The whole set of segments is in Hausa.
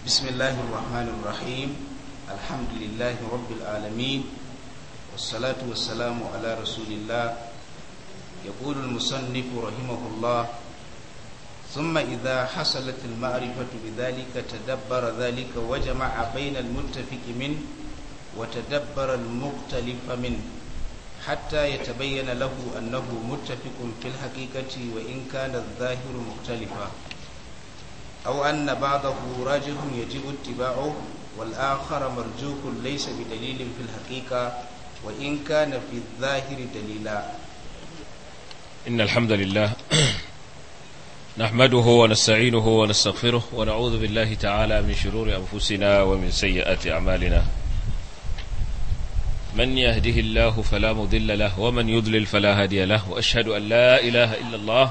بسم الله الرحمن الرحيم الحمد لله رب العالمين والصلاة والسلام على رسول الله يقول المصنف رحمه الله ثم إذا حصلت المعرفة بذلك تدبر ذلك وجمع بين المتفق منه وتدبر المختلف منه حتى يتبين له أنه متفق في الحقيقة وإن كان الظاهر مختلفا أو أن بعضه راجح يجب اتباعه والآخر مرجوح ليس بدليل في الحقيقة وإن كان في الظاهر دليلا إن الحمد لله نحمده ونستعينه ونستغفره ونعوذ بالله تعالى من شرور أنفسنا ومن سيئات أعمالنا من يهده الله فلا مضل له ومن يضلل فلا هادي له وأشهد أن لا إله إلا الله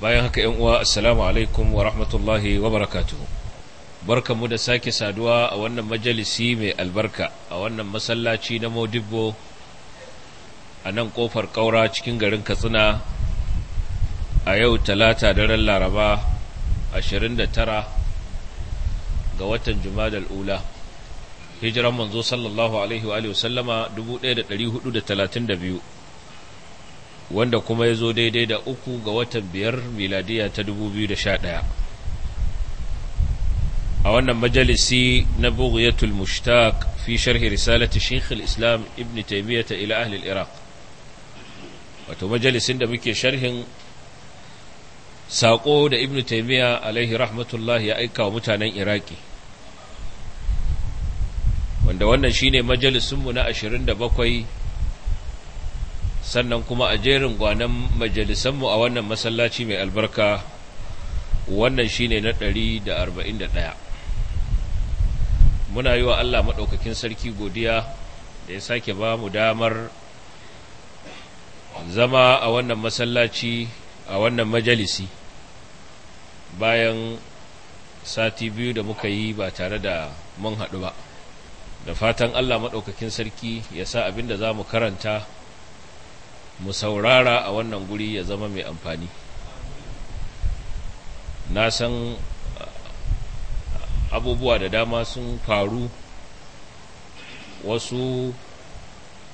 bayan haka yan uwa assalamu alaikum wa rahmatullahi wa barakatuhu barkanmu da sake saduwa a wannan majalisi mai albarka a wannan masallaci na modibbo a nan kofar kaura cikin garin katsina a yau talata daren laraba 29 ga watan jumadal ula hijiran manzo sallallahu alaihi wa sallama 1432 wanda kuma ya zo daidai da uku ga watan biyar miladiya ta 2011 a wannan majalisi na buguyatul mushtaq fi sharhi risalati sheikh islam ibn taymiyyah ila ahli iraq wato majalisin da muke sharhin saƙo da ibn taimiya alaihi rahmatullah ya aika wa mutanen iraki wanda wannan shine majalisinmu na 27 sannan kuma a jerin gwanan majalisanmu a wannan masallaci mai albarka wannan shine na ɗari da da arba'in ɗaya. muna yi wa Allah maɗaukakin sarki godiya da ya sake ba mu damar zama a wannan masallaci a wannan majalisi bayan sati biyu da muka yi ba tare da mun haɗu ba da fatan Allah maɗaukakin sarki ya sa abin da za mu karanta mu saurara a wannan guri ya zama mai amfani na san uh, abubuwa da dama sun faru wasu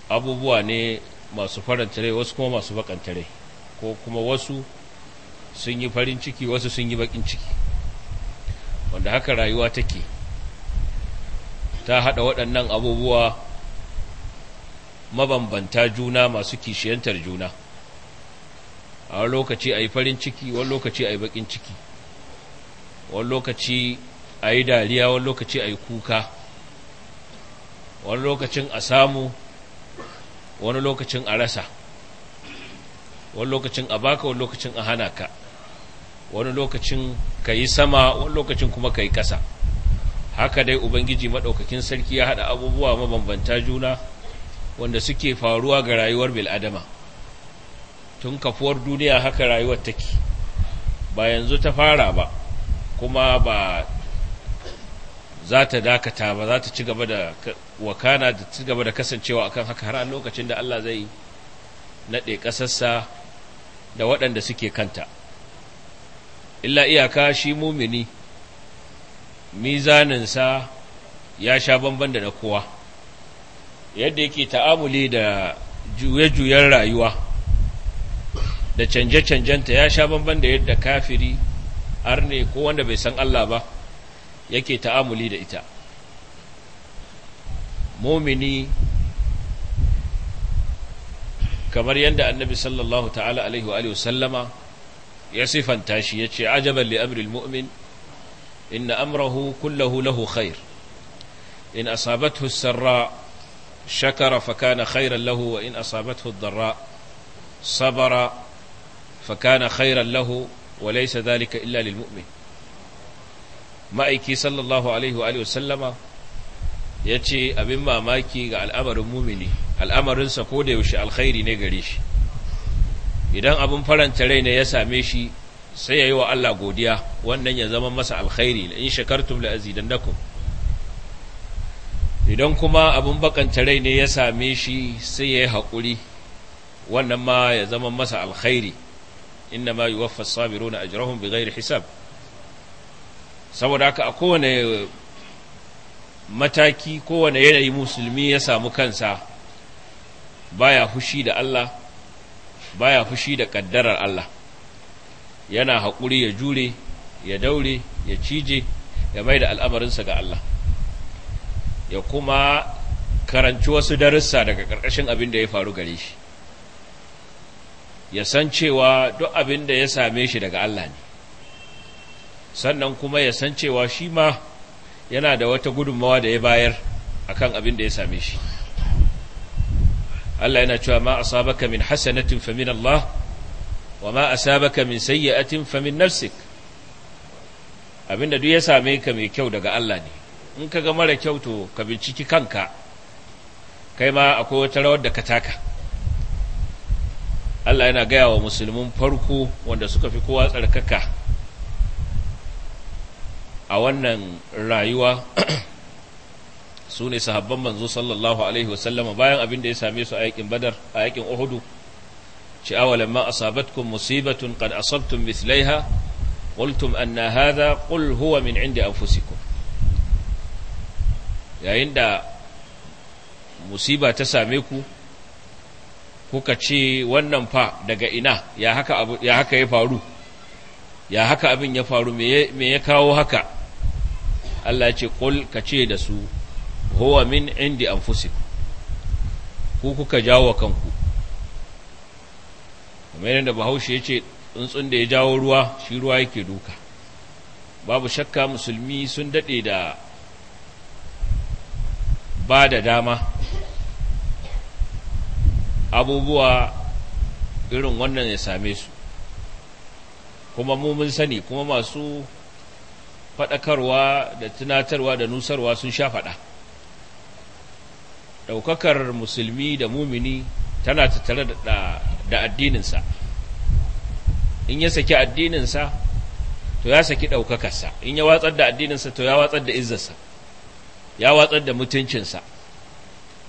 abubuwa ne masu faranta rai wasu kuma masu bakantare ko kuma wasu sun yi farin ciki wasu sun yi bakin ciki wanda haka rayuwa take ta hada waɗannan abubuwa mabambanta juna masu kishiyantar juna a wani lokaci a yi farin ciki wani lokaci a yi bakin ciki wani lokaci a yi dariya wani lokaci a yi kuka wani lokacin a samu wani lokacin a rasa wani lokacin a baka wani lokacin a hana ka wani lokacin ka yi sama wani lokacin kuma ka yi ƙasa haka dai ubangiji maɗaukakin sarki ya haɗa abubuwa mabambanta juna wanda suke faruwa ga rayuwar bil'adama tun kafuwar duniya haka rayuwar take ba yanzu ta fara ba kuma ba za ta dakata ba za ta ci gaba da wakana da ci gaba da kasancewa akan haka har a lokacin da Allah zai naɗe ƙasarsa da waɗanda suke kanta illa iyaka shi mumini mizaninsa ya sha bamban da na kowa yadda yake ta'amuli da juye-juyen rayuwa da canje-canjenta ya sha bamban da yadda kafiri arne ko wanda bai san Allah ba yake ta'amuli da ita momini kamar yadda annabi sallallahu ta'ala alaihi wa sallama ya sifanta shi ya ce ajabar li'amril mu'min inna amrahu kullahu lahu khair in asabathu sarra شكر فكان خيرا له وإن أصابته الضراء صبر فكان خيرا له وليس ذلك إلا للمؤمن ma'aiki sallallahu alaihi wa sallama ya ce abin mamaki ga al'amarin mumini al'amarinsa ko da yaushe alkhairi ne gare shi idan abin faranta rai ne ya same shi sai ya yi wa Allah godiya wannan ya zama masa alkhairi in shakartum la azidannakum idan kuma abin bakanta rai ne ya same shi sai ya yi haƙuri wannan ma ya zama masa alkhairi inda ma yi waffa sabiru na ajirahun bi gairi hisab saboda haka a kowane mataki kowane yanayi musulmi ya samu kansa baya fushi da Allah baya fushi da ƙaddarar Allah yana haƙuri ya jure ya daure ya cije ya mai da al'amarinsa ga Allah ya kuma karanci wasu darussa daga ƙarƙashin abin da ya faru gare shi ya san cewa duk abin da ya same shi daga Allah ne sannan kuma ya san cewa shi ma yana da wata gudunmawa da ya bayar akan abin da ya same shi Allah yana cewa ma asabaka min hasanatin fa min Allah wa ma asabaka min sayyi'atin fa min nafsik da duk ya same ka mai kyau daga Allah ne in ka ga mara kyau to ka binciki kanka kai ma akwai wata rawar da ka taka Allah yana gaya wa musulmin farko wanda suka fi kowa tsarkaka a wannan rayuwa su ne sahabban manzo sallallahu alaihi wasallama bayan abin da ya same su a yakin badar a yakin uhudu ci awalan ma asabatkum musibatun qad asabtum mislaiha qultum anna hadha qul huwa min inda anfusikum yayin da musiba ta same ku kuka ce wannan fa daga ina ya haka ya faru ya haka abin ya faru me ya kawo haka Allah ya ce qul ka ce da su huwa min indi anfusikum ku kuka jawo kanku kamar yadda bahaushe ya ce tsuntsun da ya jawo ruwa shi ruwa yake duka babu shakka musulmi sun daɗe da ba da dama abubuwa irin wannan ya same su kuma mu mun sani kuma masu faɗakarwa da tunatarwa da nusarwa sun sha faɗa ɗaukakar musulmi da mumini tana tattare da addininsa in ya saki addininsa to ya saki ɗaukakarsa in ya watsar da addininsa to ya watsar da izzarsa ya watsar da mutuncinsa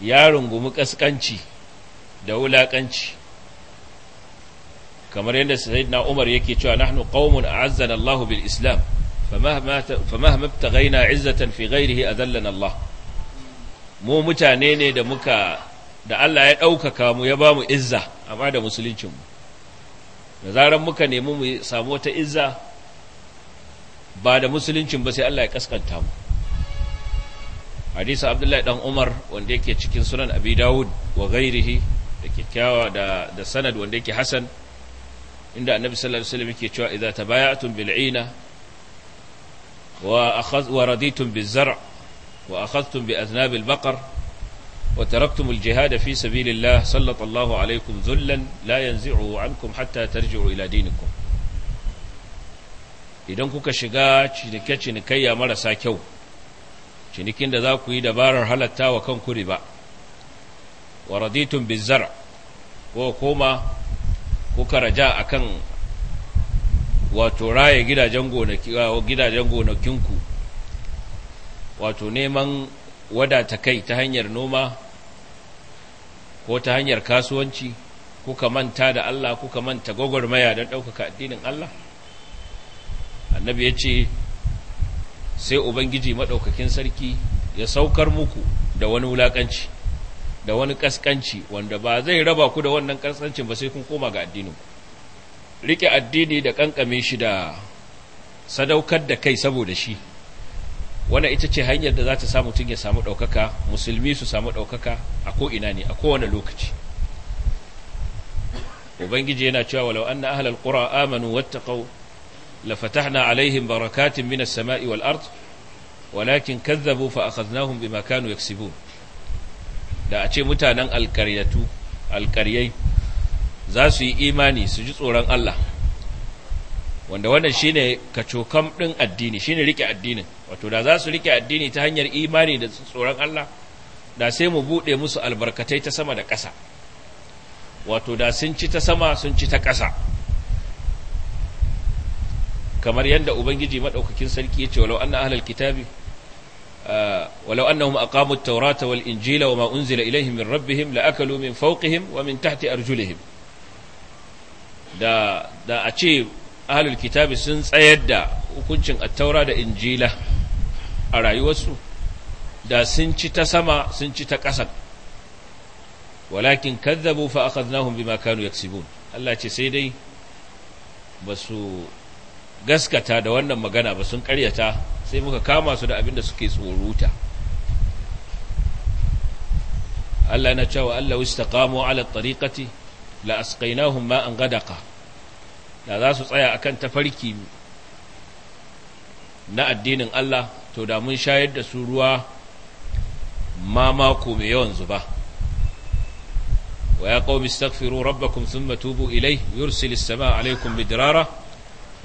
ya rungumi kaskanci da wulaƙanci kamar yadda sayyidina Umar yake cewa nahnu qaumun a'azzana Allah bil Islam famahma ibtaghaina 'izzatan fi ghayrihi adallana Allah mu mutane ne da muka da Allah ya ɗaukaka mu ya ba mu izza amma da musuluncinmu da zarar muka nemi mu samu wata izza ba da musuluncin ba sai Allah ya kaskanta mu hadisa abdullahi dan umar wanda yake cikin sunan abi dawud wa ghairihi da kyakkyawa da da sanad wanda yake hasan inda annabi sallallahu alaihi wasallam yake cewa idza tabaya'tum bil ina wa akhadh wa raditum biz zar' wa akhadhtum bi aznab al baqar wa taraktum al jihad fi sabilillah sallallahu alaikum dhullan la yanzi'u ankum hatta tarji'u ila dinikum idan kuka shiga cinike cinikayya marasa kyau cinikin da za ku yi dabarar halatta wa kan kanku ba wa raditun bizar ko koma kuka raja kan wato raye gidajen gonakinku wato neman wadata kai ta hanyar noma ko ta hanyar kasuwanci kuka manta da Allah kuka manta gwagwarmaya don ɗaukaka addinin Allah annabi ya ce sai ubangiji maɗaukakin sarki ya saukar muku da wani wulaƙanci da wani ƙasƙanci wanda ba zai raba ku da wannan ƙasƙancin ba sai kun koma ga addinin riƙe addini da ƙanƙame shi da sadaukar da kai saboda shi wannan ita ce hanyar da za ta sa mutum ya samu ɗaukaka musulmi su samu ɗaukaka a ko'ina ne a kowane lokaci ubangiji yana cewa walau an na ahalar ƙura amanu wattaƙau lafatahna alaihim barakatin minas sama'i wal ard walakin kazzabu fa bi bima kanu yaksibun da a ce mutanen alkaryatu za su yi imani su ji tsoron Allah wanda wannan shine kacokam din addini shine rike addinin wato da za su rike addini ta hanyar imani da tsoron Allah da sai mu bude musu albarkatai ta sama da ƙasa wato da sun ci ta sama sun ci ta ƙasa kamar yadda ubangiji madaukakin sarki yace walau anna ahlal kitabi ah, walau annahum aqamu at-taurata wal injila ma unzila ilayhim min rabbihim laakalu min fawqihim wa min tahti arjulihim da da a ce ahlul kitabi sun tsayar da hukuncin at-taura da injila a rayuwarsu da sun ci ta sama sun ci ta ƙasa walakin kadzabu fa akhadnahum bima kanu yaksibun Allah ce sai dai basu gaskata da wannan magana ba sun karyata sai muka kama su da abin da suke tsoruta Allah na cewa Allah istaqamu ala tariqati la asqainahum ma'an gadaqa da za su tsaya a kan tafarki na addinin Allah to da mun shayar da su ruwa ma mako mai yawan zuba wa ya qaumi astaghfiru rabbakum thumma tubu ilai yursilis sama alaykum bidrara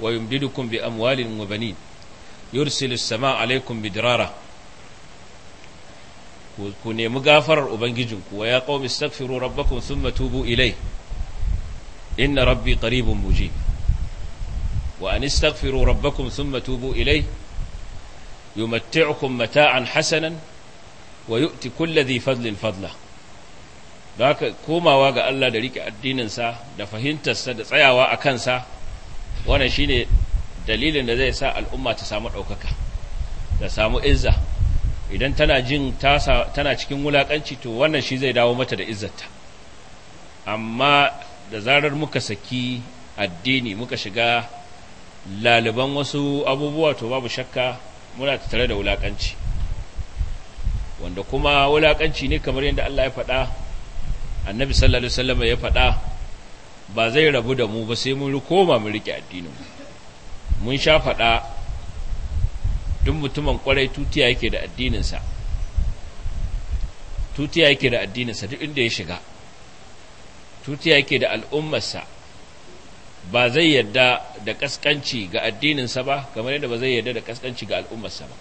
ويمددكم بأموال وبنين يرسل السماء عليكم بدرارة كن مغافر وبنجيجنك ويا قوم استغفروا ربكم ثم توبوا إليه إن ربي قريب مجيب وأن استغفروا ربكم ثم توبوا إليه يمتعكم متاعا حسنا ويؤتي كل ذي فضل فضله ذاك كوما واقع الله دريك الدين انسا دفهنت السد سيا واقع انسا wannan shine dalilin da zai sa al'umma ta samu ɗaukaka ta samu izza idan tana jin tana cikin wulakanci to wannan shi zai dawo mata da izzarta amma da zarar muka saki addini muka shiga laliban wasu abubuwa to babu shakka muna tattare da wulakanci wanda kuma wulaƙanci ne kamar yadda Allah ya faɗa annabi sallallahu alaihi wasallam ya faɗa ba zai rabu da mu ba sai mun koma mun rike addinin mu mun sha faɗa duk mutumin kwarai tutiya yake da addininsa tutiya yake da addininsa duk inda ya shiga tutiya yake da al'ummarsa ba zai yadda da kaskanci ga addininsa ba kamar yadda ba zai yadda da kaskanci ga al'ummarsa ba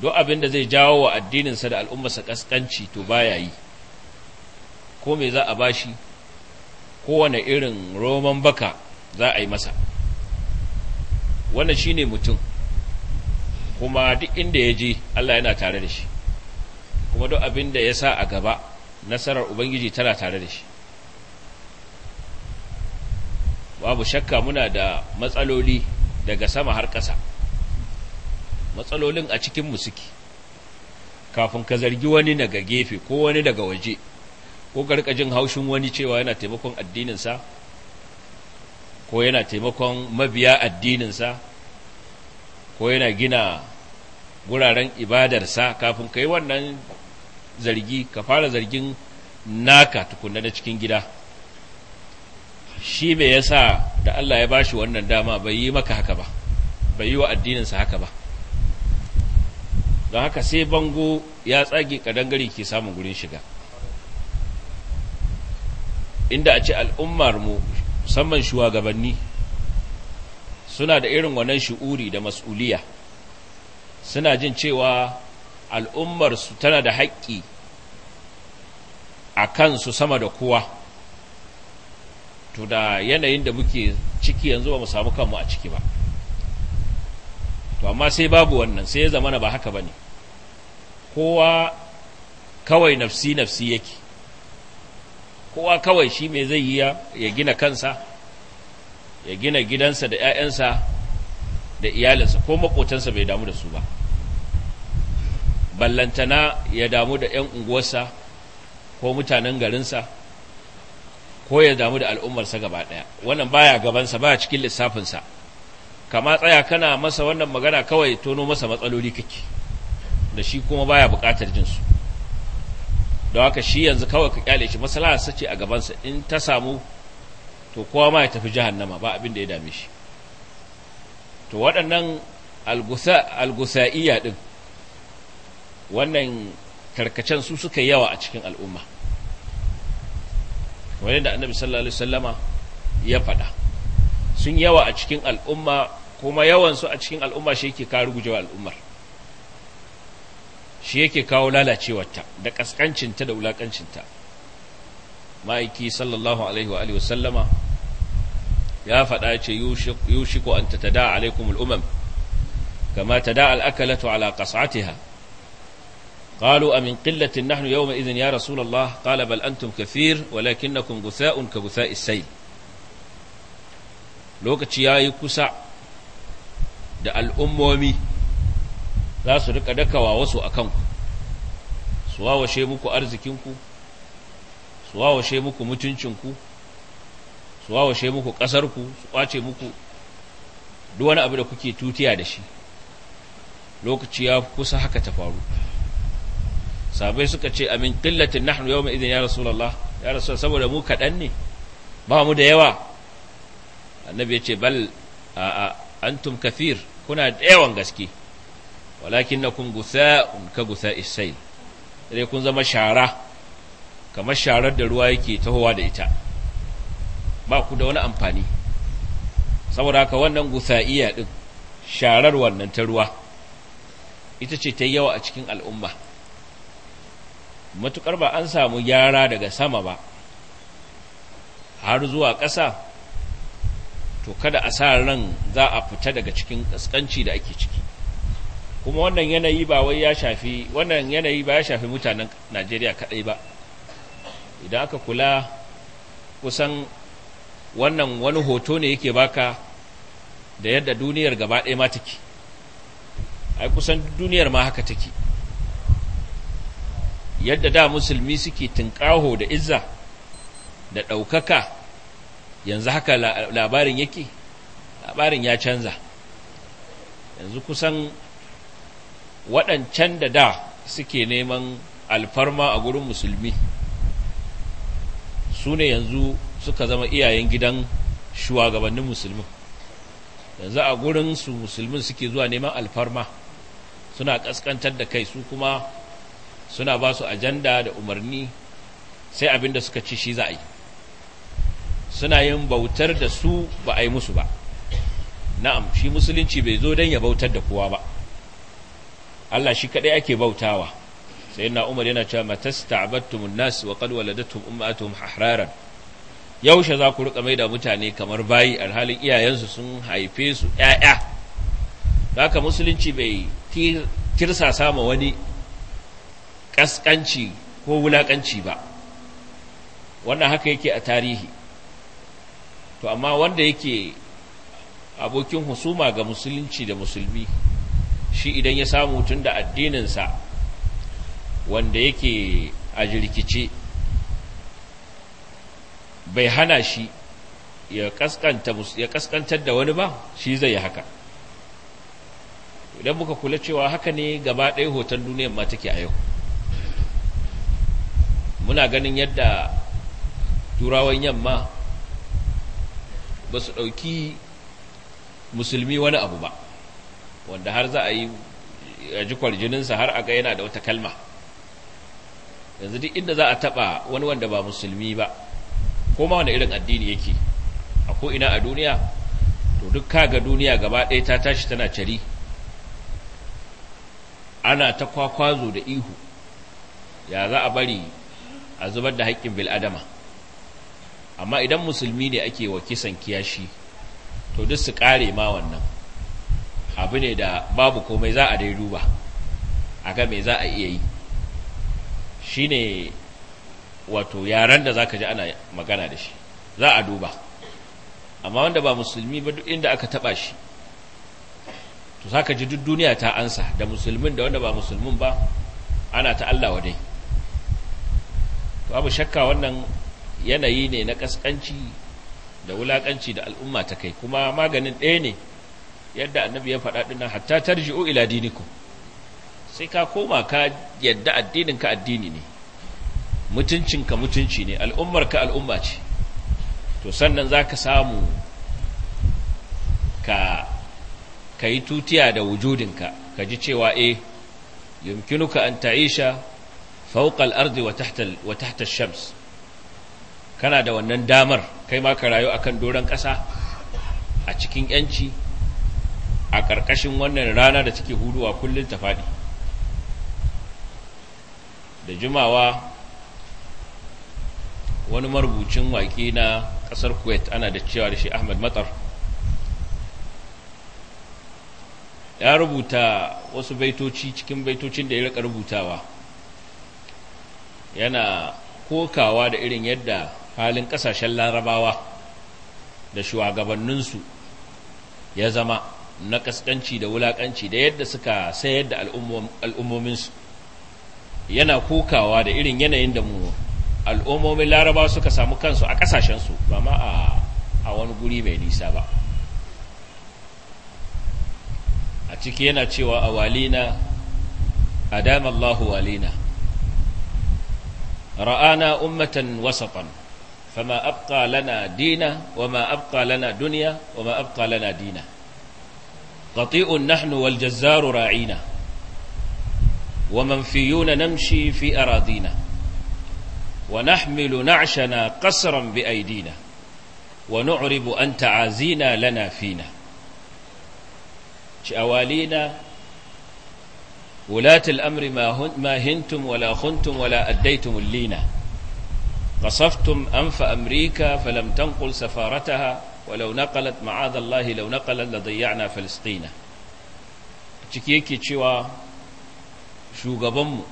duk abin da zai jawo wa addininsa da al'ummarsa kaskanci to baya yi ko me za a bashi kowane irin roman baka za a yi masa wannan shine mutum kuma duk inda ya je Allah yana tare da shi kuma duk abin da ya sa a gaba nasarar ubangiji tana tare da shi babu shakka muna da matsaloli daga sama har ƙasa matsalolin a cikinmu suke kafin ka zargi wani daga gefe ko wani daga waje ko karka haushin wani cewa yana taimakon addininsa ko yana taimakon mabiya addininsa ko yana gina guraren ibadarsa kafin ka yi wannan zargi ka fara zargin naka tukunna na cikin gida shi mai yasa da Allah ya bashi wannan dama bai yi maka haka ba bai yi wa addininsa haka ba don haka sai bango ya tsage kadangare ke samun gurin shiga inda a ce al'ummar mu musamman shugabanni suna da irin wannan shu'uri da mas'uliya suna jin cewa al'ummar su tana da haƙƙi a kansu sama da kowa to da yanayin da muke ciki yanzu ba mu samu kanmu a ciki ba to amma sai babu wannan sai ya zamana ba haka ba ne kowa kawai nafsi nafsi yake kowa kawai shi mai zai yi ya gina kansa ya gina gidansa da 'ya'yansa da iyalinsa ko makotansa bai damu da su ba ballantana ya damu da 'yan unguwarsa ko mutanen garinsa ko ya damu da al'ummarsa gaba ɗaya wannan baya gabansa baya cikin lissafinsa kama tsaya kana masa wannan magana kawai tono masa matsaloli kake da shi kuma baya buƙatar jinsu don haka shi yanzu kawai ka kyale shi sa ce a gabansa in ta samu to kowa ma ya tafi jahannama ba abin da ya dame shi to waɗannan algusa'iyya ɗin wannan karkacen su suka yawa a cikin al'umma wani da annabi sallallahu alaihi wasallama ya faɗa sun yawa a cikin al'umma kuma yawansu a cikin al'umma shi yake karu gujewa al'ummar shi yake kawo lalacewata, da ƙasƙancinta da wulaƙancinta ma'aiki sallallahu alaihi wa sallama ya faɗa ce yi shi ta ta da alaikum al'umam kama ta da al'akalatu ala ƙasati ha ƙalu a min ƙillatin nahnu yau mai izin ya rasulallah ƙala bal antum kafir walakin na kun gusa un gusa isai lokaci ya yi kusa da al'ummomi za su rika dakawa wasu a kanku su wawashe muku arzikinku su wawashe muku mutuncinku su wawashe muku ƙasarku su ƙwace muku duk wani abu da kuke tutiya da shi lokaci ya kusa haka ta faru sabai suka ce amin na nahnu mai idan ya rasulullah ya rasul saboda mu kaɗan ne ba mu da yawa annabi ya ce bal a antum kafir kuna da yawan gaske Walakin na gusa in ka gusa isai sai kun zama shara kamar sharar da ruwa yake tahowa da ita ba ku da wani amfani saboda haka wannan gusa iya din sharar wannan ta ruwa ita ce ta yawa a cikin al'umma matukar ba an samu gyara daga sama ba har zuwa ƙasa to kada a sa ran za a fita daga cikin ƙasƙanci da ake ciki kuma wannan yanayi ba wai ya shafi wannan yanayi ba ya shafi mutanen Najeriya kadai ba idan aka kula kusan wannan wani hoto ne yake baka da yadda duniyar gaba ɗaya ma take ai kusan duniyar ma haka take yadda da musulmi suke tunƙaho da izza da ɗaukaka yanzu haka labarin yake labarin ya canza yanzu kusan waɗancan da da suke neman alfarma a gurin musulmi su ne yanzu suka zama iyayen gidan shugabannin musulmi. yanzu a gurin su musulmi suke zuwa neman alfarma suna ƙasƙantar da kai su kuma suna ba su ajanda da umarni sai abin da suka ci shi za a yi suna yin bautar da su ba a yi musu ba na'am shi musulunci bai zo don ya bautar da kowa ba Allah shi kaɗai ake bautawa sai na Umar yana cewa matasta'battumun nas wa qad waladatuhum ummatuhum ahraran yaushe za ku rika mai da mutane kamar bayi alhalin iyayensu sun haife su ƴaƴa haka musulunci bai kirsa sama wani kaskanci ko wulakanci ba wannan haka yake a tarihi to amma wanda yake abokin husuma ga musulunci da musulmi shi idan ya samu tun da addininsa wanda yake a jirkice bai hana shi ya kaskantar da wani ba shi zai yi haka idan muka kula cewa haka ne gaba ɗaya hoton duniyar ma take a yau muna ganin yadda turawan yamma ba su ɗauki musulmi wani abu ba wanda har za a yi a ji kwarjininsa har a ga yana da wata kalma yanzu duk inda za a taɓa wani wanda ba musulmi ba ko ma wani irin addini yake a ina a duniya to duk kaga duniya gaba ɗaya ta tashi tana cari ana ta kwakwazo da ihu ya za a bari a zubar da haƙƙin bil'adama amma idan musulmi ne ake wa kisan kiyashi to duk su ƙare ma wannan abu ne da babu komai za a dai duba a ga me za a iya yi shi ne wato yaran da za ka ji ana magana da shi za a duba amma wanda ba musulmi ba duk inda aka taba shi to za ka ji duk duniya ta ansa da musulmin da wanda ba musulmin ba ana ta Allah wadai to abu shakka wannan yanayi ne na kaskanci da wulakanci da al'umma ta kai kuma maganin ɗaya ne yadda annabi ya faɗa dinnan hatta tarji'u ila dinikum sai ka koma ka yadda addinin ka addini ne mutuncin ka mutunci ne al'ummar ka al'umma ce to sannan zaka samu ka kai tutiya da wujudin ka ji cewa eh yumkinuka an ta'isha fawqa al-ardi wa tahta wa tahta shams kana da wannan damar kai ma ka rayu akan doron ƙasa a cikin yanci a ƙarƙashin wannan rana da take huduwa kullum ta faɗi da jimawa wani marubucin waƙe na ƙasar kuwait ana da cewa da shi ahmad matar ya rubuta wasu baitoci cikin baitocin da ya rika rubutawa yana kokawa da irin yadda halin ƙasashen larabawa da shugabanninsu ya zama na kaskanci da wulakanci da yadda suka sayar da al'ummominsu yana kokawa da irin yanayin da mu al'ummomin larabawa suka samu kansu a kasashensu ba ma a wani guri mai nisa ba a ciki yana cewa a walina adam allahu walina ra'ana ummatan wasafan fama abqa lana dina ma abqa lana duniya ma abqa lana dina قطيء نحن والجزار راعينا ومنفيون نمشي في أراضينا ونحمل نعشنا قسرا بأيدينا ونعرب أن تعازينا لنا فينا شأوالينا ولاة الأمر ما هنتم ولا خنتم ولا أديتم اللينا قصفتم أنف أمريكا فلم تنقل سفارتها Wa naqalat ma'adha Allah law naqalat la dayya'na filistina ciki yake cewa shugabanmu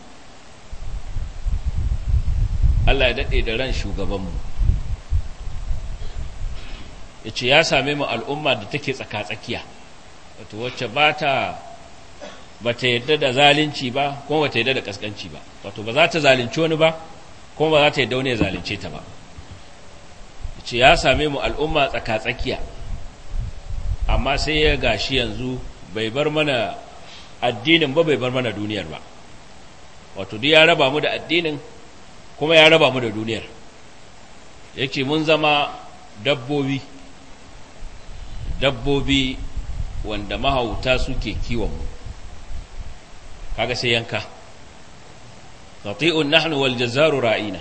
Allah ya dade da ran shugabanmu yace ya same mu al'umma da take tsaka-tsakiya wato wacce ba ta yadda da zalunci ba kuma ba ta yadda da ƙasƙanci ba wato ba za ta zalunci wani ba kuma ba za ta yadda wani ya zalunce ta ba ce ya same mu al'umma tsaka-tsakiya amma sai ya gashi yanzu bai bar mana addinin ba bai bar mana duniyar ba wato duk ya raba mu da addinin kuma ya raba mu da duniyar yake mun zama dabbobi dabbobi wanda mahauta suke kiwon mu kaga sai yanka nati'un nahnu wal jazzaru ra'ina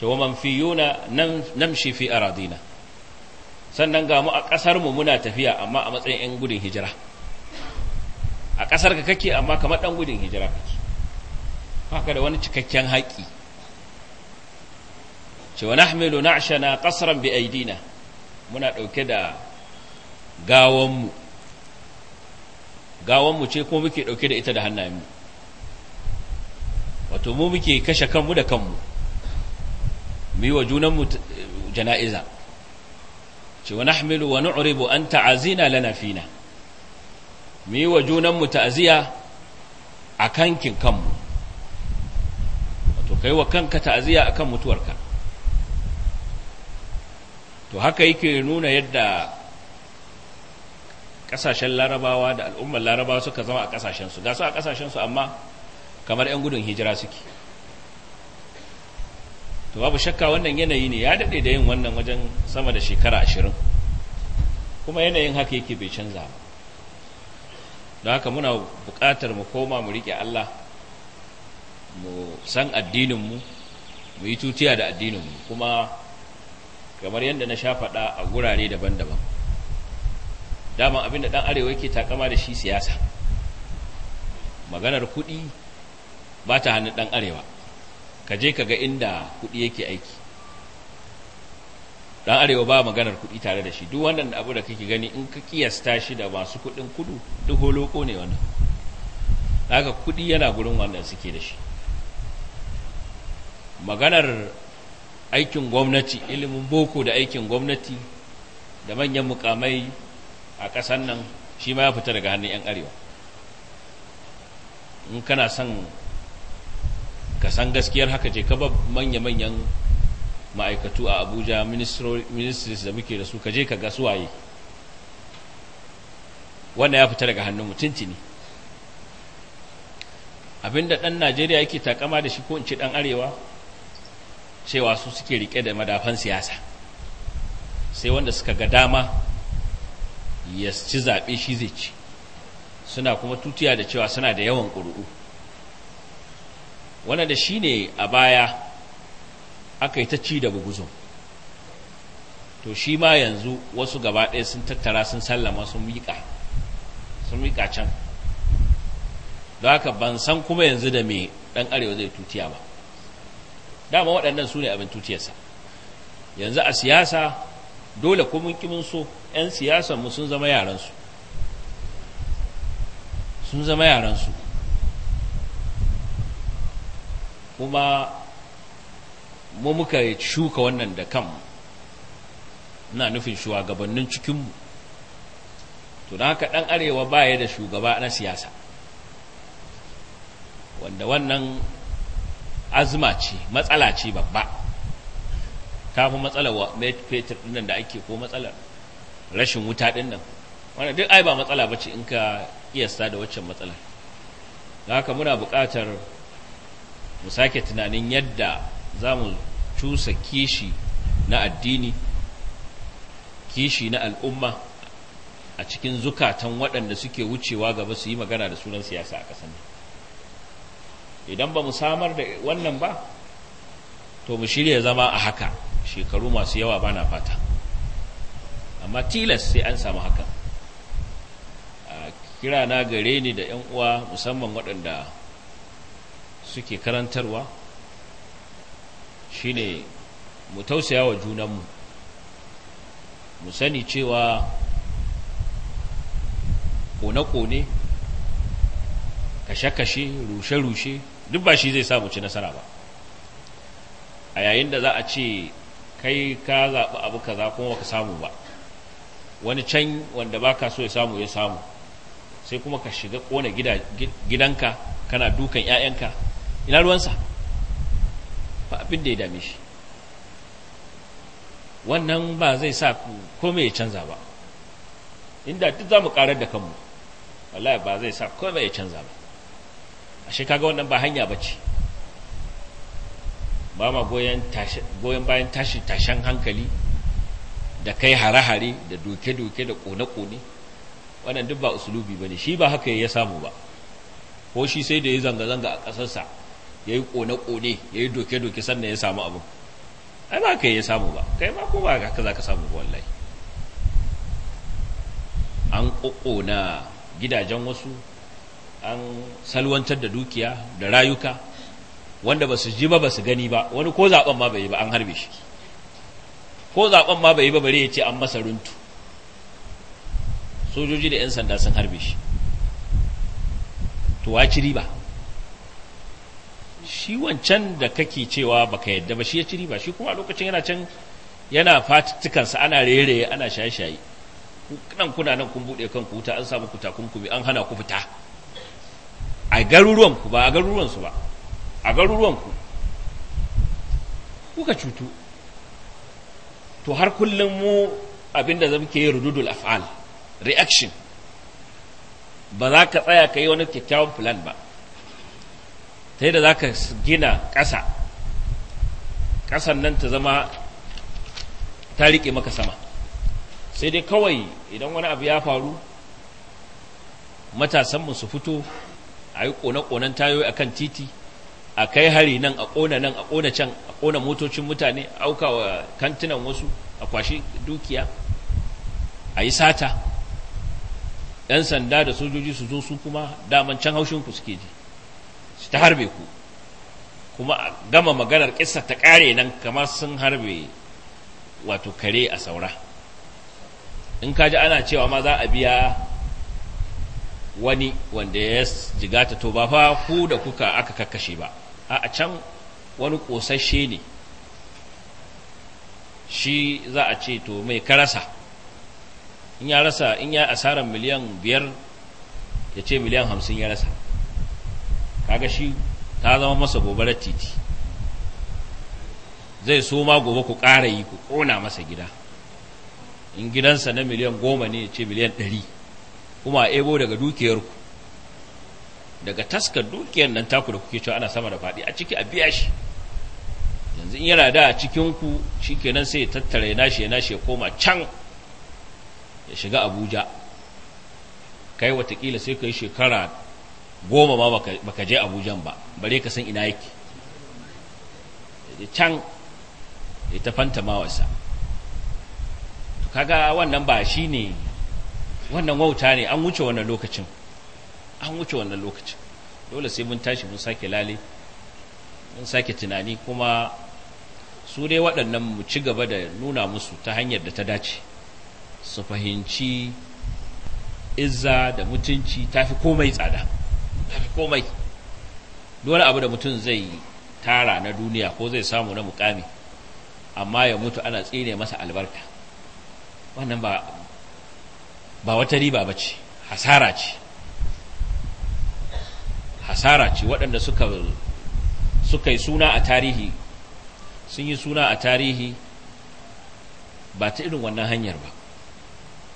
ce wa namshi fi aradina sannan ga mu a ƙasar mu muna tafiya amma a matsayin 'yan gudun hijira a ƙasar ka kake amma kamar ɗan gudun hijira kake haka da wani cikakken haƙi ce wa na ashana ƙasar bi aidina muna ɗauke da gawanmu gawanmu ce kuma muke ɗauke da ita da hannayenmu wato mu muke kashe kanmu da kanmu mu yi wa junanmu jana'iza ce wa nahmilu wa nu'ribu an ta'azina lana fina mu yi wa junanmu ta'aziya a kankin kanmu wato kai wa kanka ta'aziya akan mutuwarka to haka yake nuna yadda kasashen larabawa da al'ummar larabawa suka zama a kasashensu ga su a kasashensu amma kamar 'yan gudun hijira suke to babu shakka wannan yanayi ne ya daɗe da yin wannan wajen sama da shekara ashirin kuma yanayin haka yake bai canza ba don haka muna buƙatar mu koma mu riƙe Allah mu san addininmu mu yi tutiya da addininmu kuma kamar yadda na sha faɗa a gurare daban-daban daman abinda ɗan arewa yake takama da shi siyasa maganar kuɗi ba ta hannun ɗan arewa ka je ka ga inda kuɗi yake aiki dan arewa ba maganar kuɗi tare da shi duk wannan abu da kake gani in ka kiyasta shi da masu kuɗin kudu duk holoko ne wannan haka kuɗi yana gurin wannan suke da shi maganar aikin gwamnati ilimin boko da aikin gwamnati da manyan mukamai a ƙasar nan shi ma ya fita daga hannun 'yan arewa in kana son ka san gaskiyar haka ce ka ba manya-manyan ma'aikatu a abuja ministries da muke da su ka je ka ga suwaye wannan ya fita daga hannun mutunci ne abinda ɗan najeriya yake takama da shi ko in ce ɗan arewa cewa su suke rike da madafan siyasa sai wanda suka ga dama ya ci zaɓe shi zai ci suna kuma tutiya da cewa suna da yawan ƙuri'u wannan da ne a baya aka yi ta ci da buguzo to shi ma yanzu wasu gaba ɗaya sun tattara sun sallama sun miƙa sun miƙa can don haka ban san kuma yanzu da me ɗan arewa zai tutiya ba dama waɗannan su ne abin tutiyarsa yanzu a siyasa dole kuma kimin so 'yan siyasanmu sun sun zama yaransu kuma mu muka shuka wannan da kan na nufin shugabannin cikinmu to da haka ɗan arewa baya da shugaba na siyasa wanda wannan azuma ce matsala ce babba ta fi matsalar wa fetur ɗinnan da ake ko matsalar rashin wuta ɗinnan wanda duk ai ba matsala ba ce in ka iya da waccan matsalar da haka muna buƙatar mu sake tunanin yadda za mu cusa kishi na addini kishi na al'umma a cikin zukatan waɗanda suke wucewa gaba su yi magana da sunan siyasa a ƙasar idan ba mu samar da wannan ba to mu shirya zama a haka shekaru masu yawa ba na fata amma tilas sai an samu haka kira na gare ni da 'yan uwa musamman waɗanda suke karantarwa shine mu tausaya wa junanmu mu sani cewa kone-kone kashe-kashe rushe-rushe duk ba shi zai samu ci nasara ba a yayin da za a ce kai ka zaɓi abu za kuma ka samu ba wani can wanda ba ka so ya samu ya samu sai kuma ka shiga ƙona gidanka kana dukan 'ya'yanka ina ruwansa ba abin da ya dame shi wannan ba zai sa komai ya canza ba inda duk za mu karar da kanmu wallahi ba zai sa komai ya canza ba ashe kaga wannan ba hanya ba ce ba ma goyon bayan tashi tashen hankali da kai hare-hare da doke-doke da kone-kone wannan duk ba usulubi ba ne shi ba haka ya samu ba ko shi sai da ya zanga-zanga a ƙasarsa ya yi ƙone-ƙone ya yi doke-doke sannan ya samu abin ai ba ka yi samu ba kai ma ko ba ka za ka samu wallahi an ƙoƙona gidajen wasu an salwantar da dukiya da rayuka wanda ba su ji ba ba su gani ba wani ko zaɓen ma bai yi ba an harbe shi ko zaɓen ma bai yi ba bare ya ce an masa runtu sojoji da 'yan sanda sun harbe shi to wa ci riba shi wancan da kake cewa baka yadda ba shi ya ciri ba shi kuma a lokacin yana can yana fatittukansa ana rere ana shaye-shaye nan kuna nan kun buɗe kanku wuta an samu ku takunkumi an hana ku fita a garuruwanku ba a garuruwansu ba a garuruwanku kuka cutu to har kullum mu abinda zama ke yi rududul af'al reaction ba za ka tsaya ka yi wani kyakkyawan plan ba ta da za ka gina ƙasa ƙasan nan ta zama ta riƙe maka sama sai dai kawai idan wani abu ya faru matasanmu su fito a yi ƙone-ƙonen tayoyi a kan titi a kai hari nan a ƙona nan a ƙona can a ƙona motocin mutane auka wa kantinan wasu a kwashi dukiya a yi sata 'yan sanda da sojoji su zo su kuma daman can haushinku suke ji ta harbe ku kuma gama maganar kisa ta kare nan kamar sun harbe wato kare a saura in kaji ana cewa ma za a biya wani wanda ya jigata to ba fa ku da kuka aka kakkashe ba a can wani ƙosashe ne shi za a ce to mai karasa in ya rasa in ya asarar miliyan biyar ya ce miliyan hamsin ya rasa kaga shi ta zama masa gobarar titi zai so ma gobe ku kara yi ku kona masa gida in gidansa na miliyan goma ne ce miliyan ɗari kuma a ebo daga dukiyarku daga taskar dukiyar nan taku da kuke cewa ana sama da faɗi a ciki a biya shi yanzu in yana da a cikinku shi kenan sai ya tattara ya nashi ya nashi ya koma can ya shiga abuja kai watakila sai ka yi shekara goma ma baka je abujan ba bare ka san ina yake can ya ta fanta mawarsa kaga wannan ba shi ne wannan wauta ne an wuce wannan lokacin an wuce wannan lokacin dole sai mun tashi mun sake lale mun sake tunani kuma su dai waɗannan mu ci gaba da nuna musu ta hanyar da ta dace su fahimci izza da mutunci tafi komai tsada ya komai dole abu da mutum zai tara na duniya ko zai samu na mukami amma ya mutu ana tsine masa albarka wannan ba ba wata riba ba ce hasara ce hasara ce waɗanda suka suka yi suna a tarihi sun yi suna a tarihi ba ta irin wannan hanyar ba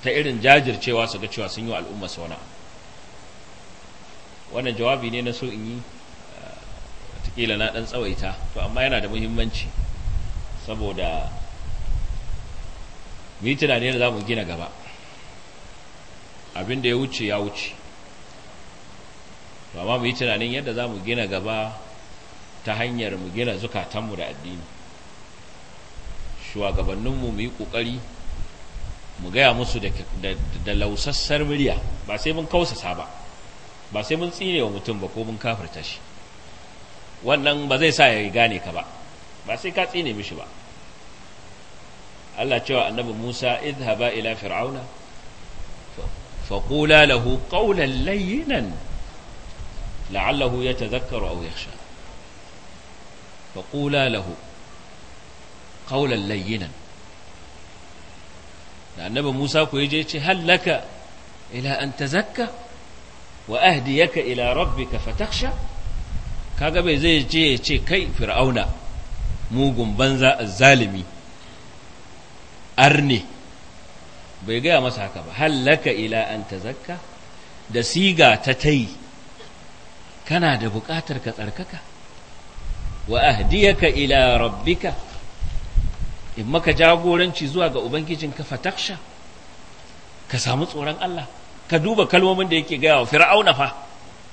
ta irin jajircewa su ga cewa sun yi al'umma sauna wannan jawabi ne na so in yi eh, watakila na ɗan tsawaita to amma yana da muhimmanci saboda mitina ne za mu gina gaba abinda ya wuce ya wuce to amma mitina ne tunanin yadda za mu gina gaba ta hanyar mu gina zukatanmu da addini shugabanninmu mu yi ƙoƙari mu gaya musu da lausassar murya ba sai mun kausasa ba ba sai mun tsine wa mutum ba ko mun kafirta shi wannan ba zai sa ya gane ka ba ba sai ka tsine mishi ba Allah cewa annabi Musa idhaba ila fir'auna faqula lahu qawlan layyinan la'allahu yatadhakkaru aw yakhsha faqula lahu qawlan layyinan da annabi Musa ku yaje ce hallaka ila an tazakka wa ahdiyaka ila rabbika fatakhsha kaga bai zai ya ce kai fir'auna mugun banza azzalimi arne bai gaya masa haka ba hallaka ila an tazakka da siga ta tayi kana da buƙatar ka tsarkaka wa ahdiyaka ila rabbika in maka jagoranci zuwa ga ubangijinka fataksha ka samu tsoron Allah ka duba kalmomin da yake gaya wa fir'auna fa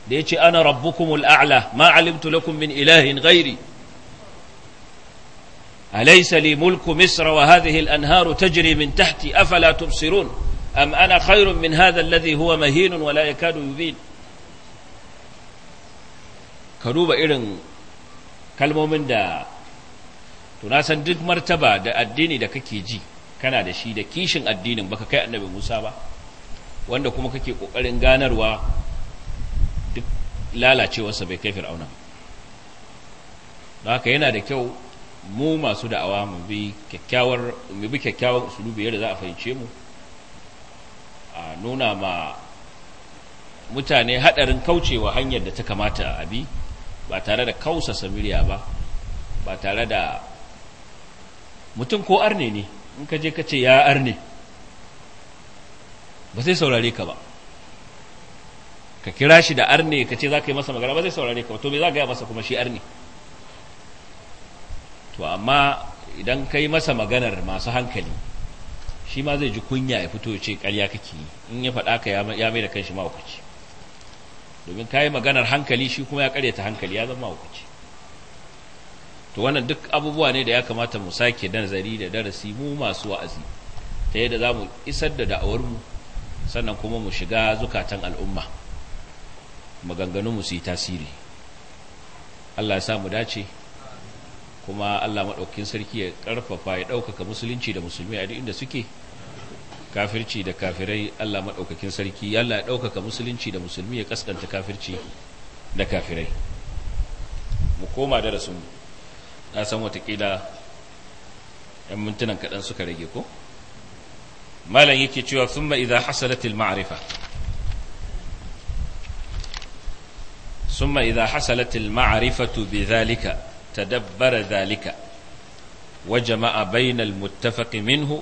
da yace ana rabbukumul a'la ma alimtu lakum min ilahin ghairi alaysa li mulku misr wa hadhihi al-anharu tajri min tahti afala tubsirun am ana khairun min hadha alladhi huwa mahinun wa la yakadu yubin ka duba irin kalmomin da to na san duk martaba da addini da kake ji kana da shi da kishin addinin baka kai annabi Musa ba wanda kuma kake kokarin ganarwa duk lalacewarsa bai kai fir'auna ba haka yana da kyau mu masu da'awa mu bi kyakkyawar mu bi kyakkyawar usulubi yadda za a fahimce mu a nuna ma mutane hadarin kaucewa hanyar da ta kamata a bi ba tare da kausa samiriya ba ba tare da mutum ko arne ne in ka je ka ce ya arne ba zai saurare ka ba ka kira shi da arne ka ce za ka yi masa magana ba zai saurare ka ba to me za ka yi masa kuma shi arne to amma idan ka yi masa maganar masu hankali shi ma zai ji kunya ya fito ya ce karya kake yi in ya faɗa ka ya mai da kanshi mahaukaci domin ka yi maganar hankali shi kuma ya ta hankali ya zama mahaukaci to wannan duk abubuwa ne da ya kamata mu sake nazari da darasi mu masu wa'azi ta yadda za mu isar da da'awarmu sannan kuma mu shiga zukatan al'umma maganganu mu su yi tasiri Allah ya samu dace kuma Allah maɗaukin sarki ya ƙarfafa ya ɗaukaka musulunci da musulmi a duk inda suke kafirci da kafirai Allah maɗaukakin sarki Allah ya ɗaukaka musulunci da musulmi ya ƙasƙanta kafirci da kafirai mu koma darasin na san watakila 'yan mintunan kaɗan suka rage ko? malam yake cewa thumma idza hasalat al ma'rifa thumma idza hasalat al ma'rifatu bidhalika tadabbara dhalika وجمع بين المتفق منه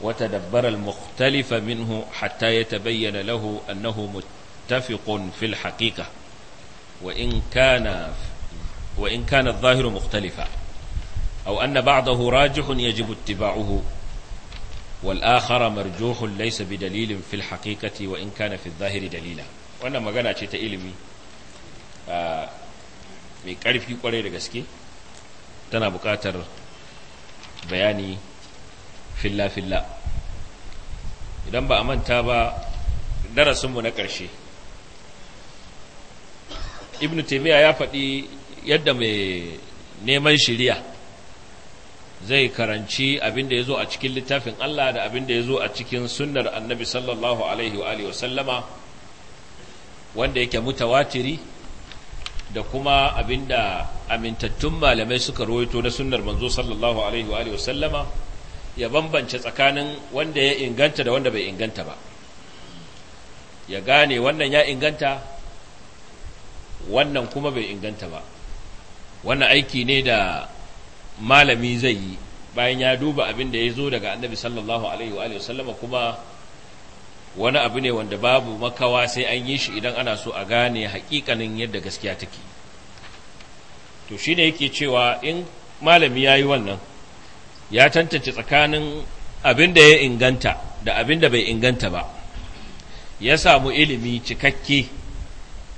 وتدبر المختلف منه حتى يتبين له أنه متفق في الحقيقة وإن كان وإن كان الظاهر مختلفا أو أن بعضه راجح يجب اتباعه wal akhara marjuhun laysa bi dalilin fil haqiqati wa in kana fi zahiri dalila wannan magana ce ta ilimi mai karfi kwarai da gaske tana buƙatar bayani filla filla idan ba a manta ba darasinmu na ƙarshe ibn taymiya ya faɗi yadda mai neman shiriya zai karanci abin da ya zo a cikin littafin Allah da abin da ya zo a cikin sunnar annabi sallallahu alaihi wa sallama wanda yake mutawatiri da kuma abin da amintattun malamai suka rohoto na sunnar manzo sallallahu alaihi wa sallama ya bambance tsakanin wanda ya inganta da wanda bai inganta ba ya gane wannan ya inganta wannan kuma bai inganta ba wannan aiki ne da malami zai yi bayan ya duba abin da ya zo daga annabi sallallahu alaihi wa sallama kuma wani abu ne wanda babu makawa sai an yi shi idan ana so a gane hakikanin yadda gaskiya take to shi ne yake cewa in malami ya yi wannan ya tantance tsakanin abin da ya inganta da abin da bai inganta ba ya samu ilimi cikakke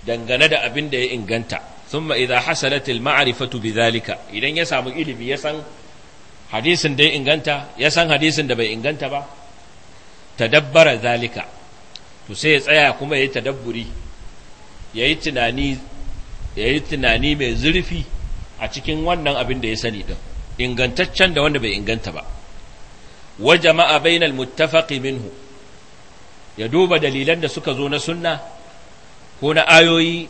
dangane da abin da ya inganta thumma idza hasalat al ma'rifatu bidhalika idan ya samu ilimi ya san hadisin da bai inganta ba tadabbara zalika to sai ya tsaya kuma yayi tadabburi yayi tunani yayi tunani mai zurfi a cikin wannan abin da ya sani ingantaccen da wanda bai inganta ba wa jama'a bainal muttafaqi minhu ya duba dalilan da suka zo na sunna ko na ayoyi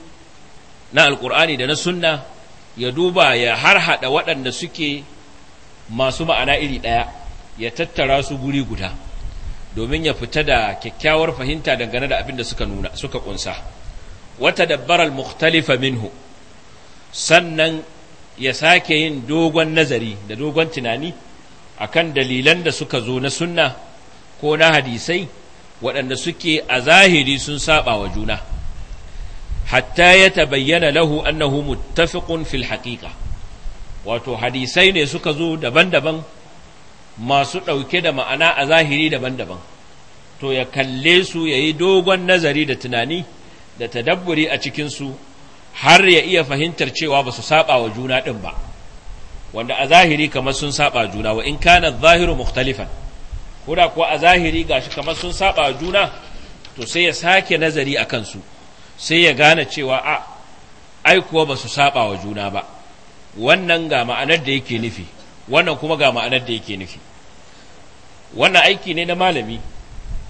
na alkur'ani da na sunna ya duba ya harhaɗa waɗanda suke masu ma'ana iri ɗaya ya tattara su guri guda domin ya fita da kyakkyawar fahimta dangane da abin da suka nuna suka kunsa wata dabbaral mukhtalifa minhu sannan ya sake yin dogon nazari da dogon tunani akan dalilan da suka zo na sunna ko na hadisai waɗanda suke a zahiri sun saba wa juna hatta ya bayyana lahu annahu muttafiqun fil haqiqa wato hadisai ne suka zo daban-daban masu ɗauke da ma'ana a zahiri daban-daban to ya kalle su ya yi dogon nazari da tunani da tadabburi a cikin su har ya iya fahimtar cewa ba su saba wa juna ɗin ba wanda a zahiri kamar sun saba juna wa in kana zahiru mukhtalifan koda kuwa a zahiri gashi kamar sun saba juna to sai ya sake nazari a kansu sai ya gane cewa a ai kuwa ba su saba wa juna ba wannan ga ma'anar da yake nufi wannan kuma ga ma'anar da yake nufi wannan aiki ne na malami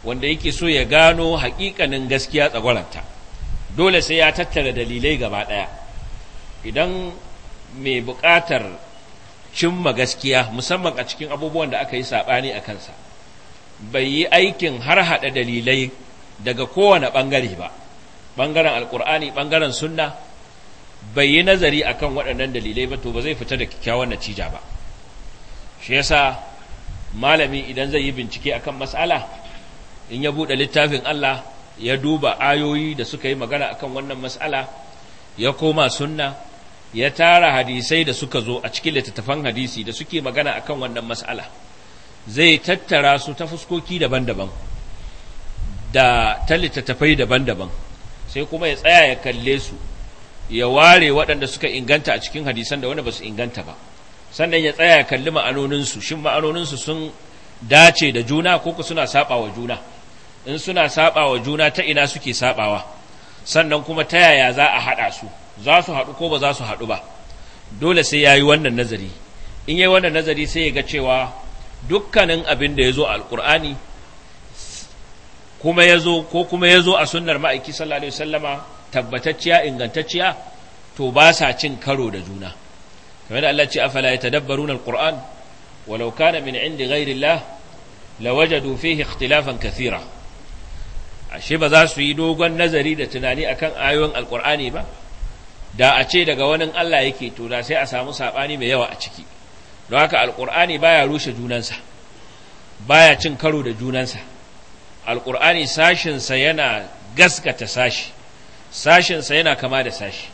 wanda yake so ya gano hakikanin gaskiya tsagwaranta dole sai ya tattara dalilai gaba daya idan mai bukatar cimma gaskiya musamman a cikin abubuwan da aka yi saɓani a kansa bai yi aikin har haɗa dalilai daga kowane ɓangare ba bangaren alkur'ani ɓangaren sunna bai yi nazari akan waɗannan dalilai ba to ba zai fita da kyakkyawan natija ba shi yasa malami idan zai yi bincike a kan mas'ala in ya buɗe littafin Allah ya duba ayoyi da suka yi magana akan wannan mas'ala ya koma sunna ya tara hadisai da suka zo a cikin littattafan hadisi da suke magana akan wannan mas'ala zai tattara su ta fuskoki daban-daban da ta littattafai daban-daban sai kuma ya tsaya ya kalle su ya ware waɗanda suka inganta a cikin hadisan da wanda ba su inganta ba sannan ya tsaya ya kalli ma'anoninsu shin ma'anoninsu sun dace da juna ko ku suna saba wa juna in suna saba wa juna ta ina suke saɓawa sannan kuma ta yaya za a haɗa su za su haɗu ko ba za su haɗu ba dole sai ya yi wannan nazari in yi wannan nazari sai ya ga cewa dukkanin abin da ya zo a alƙur'ani kuma ya zo ko kuma ya zo a sunnar ma'aiki sallallahu alaihi wasallama tabbatacciya ingantacciya to ba sa cin karo da juna kamar da Allah ce afala yatadabbaruna alquran walau kana min indi ghairillah lawajadu fihi ikhtilafan kathira ashe ba za su yi dogon nazari da tunani akan ayoyin alqur'ani ba da a ce daga wani Allah yake to da sai a samu sabani mai yawa a ciki don haka alqur'ani baya rushe junansa baya cin karo da junansa Alƙur'ani sashinsa yana gaskata sashi sashinsa yana kama da sashi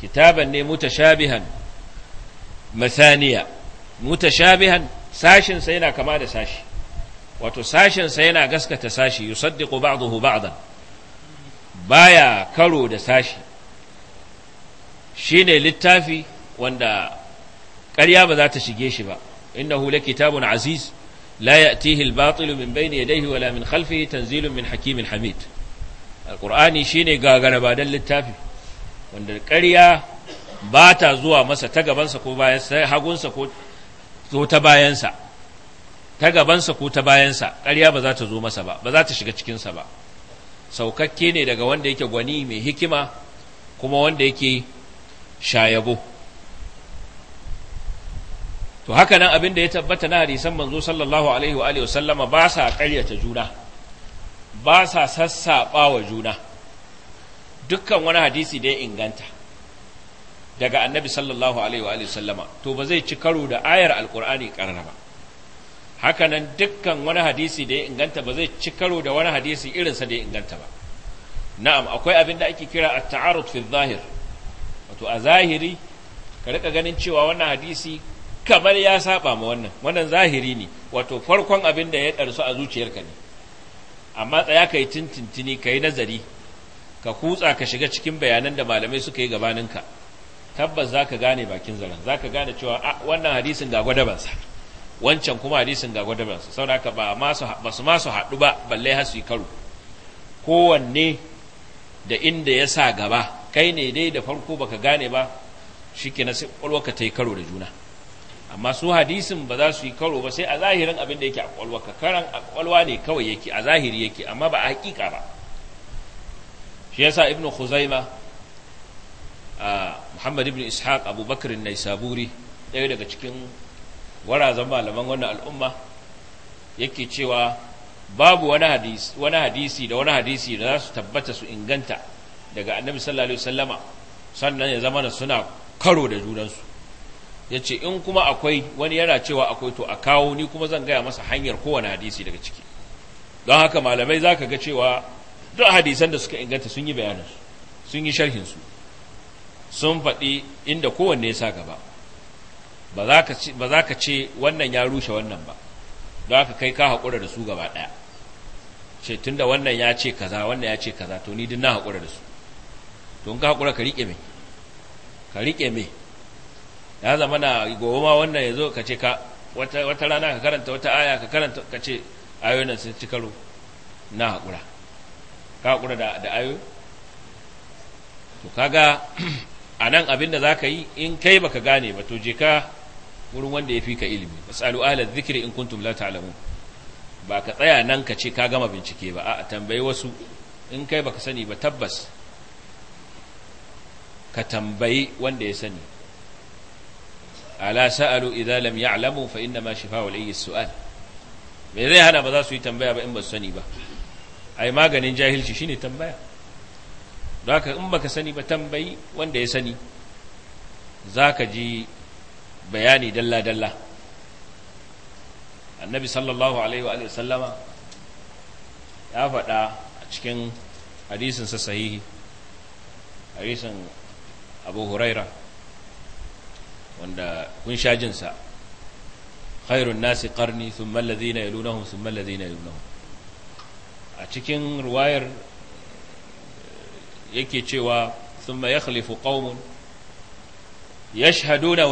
kitaban ne mutashabihan mathaniya mutashabihan sashinsa yana kama da sashi wato sashinsa yana gaskata sashi yusaddiqu ba'dahu ba'dan baya karo da sashi shine littafi wanda ƙarya ba za ta shige shi ba innahu lakitabun aziz Layati ya'tihi al-batil min bayni yadayhi wala min khalfihi tanzilun min hakimin hamid Alƙur'ani shine gagara ba dan littafi wanda karya ba ta zuwa masa ta gabansa ko bayan hagunsa ko ta bayansa ta gabansa ko ta bayansa ƙarya ba za ta zo masa ba ba za ta shiga cikinsa ba saukakke ne daga wanda yake gwani mai hikima kuma wanda yake shayabo to haka nan abin da ya tabbata na hadisan manzo sallallahu alaihi wa alihi sallama ba sa karyata juna ba sa sassaɓa wa juna dukkan wani hadisi da ya inganta daga annabi sallallahu alaihi wa sallama to ba zai ci karo da ayar alqur'ani karara ba haka nan dukkan wani hadisi da ya inganta ba zai ci karo da wani hadisi irinsa da ya inganta ba na'am akwai abin da ake kira at-ta'arud fi zahir wato a zahiri ka rika ganin cewa wannan hadisi kamar ya saba ma wannan wannan zahiri ne wato farkon abin da ya ɗarsu a zuciyarka ne amma tsaya ka yi tintintini ka yi nazari ka kutsa ka shiga cikin bayanan da malamai suka yi gabaninka tabbas za ka gane bakin zaren za ka gane cewa a ah, wannan hadisin ga gwadabansa wancan kuma hadisin ga gwadabansa sau da ba su masu haɗu ba balle har su yi karo kowanne da inda ya sa gaba kai ne dai da farko baka gane ba shi ke na sai ka ta yi karo da juna amma su hadisin ba za su yi karo ba sai a zahirin abin da yake a kwalwa ka karan a kwalwa ne kawai yake a zahiri yake amma ba a hakika ba shi yasa ibnu khuzaima a muhammad ibn ishaq abubakar naisaburi ɗaya daga cikin warazan malaman wannan al'umma yake cewa babu wani hadisi da wani hadisi da za su tabbata su inganta daga annabi sallallahu alaihi wasallama sannan ya zama suna karo da junansu ya ce in kuma akwai wani yana cewa akwai to a kawo ni kuma zan gaya masa hanyar kowane hadisi daga ciki don haka malamai za ka ga cewa duk hadisan da suka inganta sun yi bayanansu sun yi sharhinsu sun faɗi inda kowanne ya sa gaba ba za ka ce wannan ya rushe wannan ba don haka kai ka haƙura da su gaba ɗaya ce tun da wannan ya ce kaza wannan ya ce kaza to ni duk na haƙura da su to in ka haƙura ka riƙe mai ka riƙe mai ya zama na goma ma wannan ya zo ka ce ka wata rana ka karanta wata aya ka karanta ka ce ayoyin sun ci karo na haƙura ka haƙura da ayo to kaga a nan abin da za ka yi in kai baka gane ba to je ka wurin wanda ya fi ka ilimi masalu ahla zikiri in kuntum la ta'lamun ba ka tsaya nan ka ce ka gama bincike ba a tambayi wasu in kai baka sani ba tabbas ka tambayi wanda ya sani ala sa'alu idza lam ya'lamu fa inna ma shifa'u al su'al me zai hana ba za su yi tambaya ba in ba su sani ba ai maganin jahilci shi ne tambaya don haka in baka sani ba tambayi wanda ya sani Za ka ji bayani dalla dalla annabi sallallahu alaihi wa sallama ya faɗa a cikin hadisinsa sahihi hadisin abu huraira wanda kun sha jinsa. khairun nasi a cikin ruwayar eh, yake cewa thumma yakhlifu qaumun yashhaduna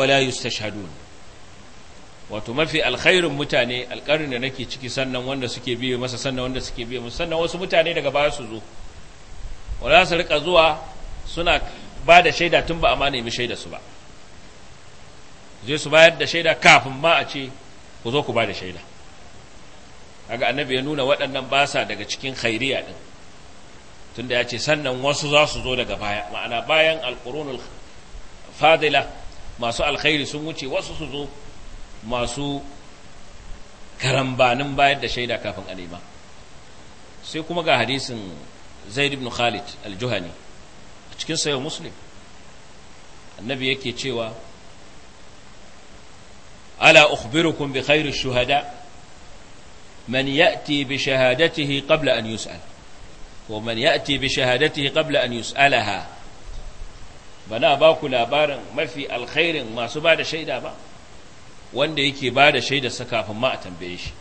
wato mafi alkhairun mutane da nake ciki sannan wanda suke masa sannan wanda suke masa sannan wasu mutane daga baya su zo wanda su rika zuwa suna ba da shaida tun ba a ma nemi shaida su ba je su bayar da shaida kafin ma a ce ku zo ku ba da shaida kaga annabi ya nuna waɗannan ba sa daga cikin khairiya din tunda ya ce sannan wasu za su zo daga baya ma'ana bayan alqurunul fadila masu alkhairi sun wuce wasu su zo masu karambanin bayar da shaida kafin alima sai kuma ga hadisin zaid ibn khalid al-juhani a cikin sayo muslim annabi yake cewa ala ukhbirukum bi khairu shuhada man ya'ti bi shahadatihi qabla an yus'al wa man ya'ti bi shahadatihi qabla an yus'alaha bana baku labarin mafi alkhairin masu bada shaida ba wanda yake bada shaida sa kafin ma a tambaye shi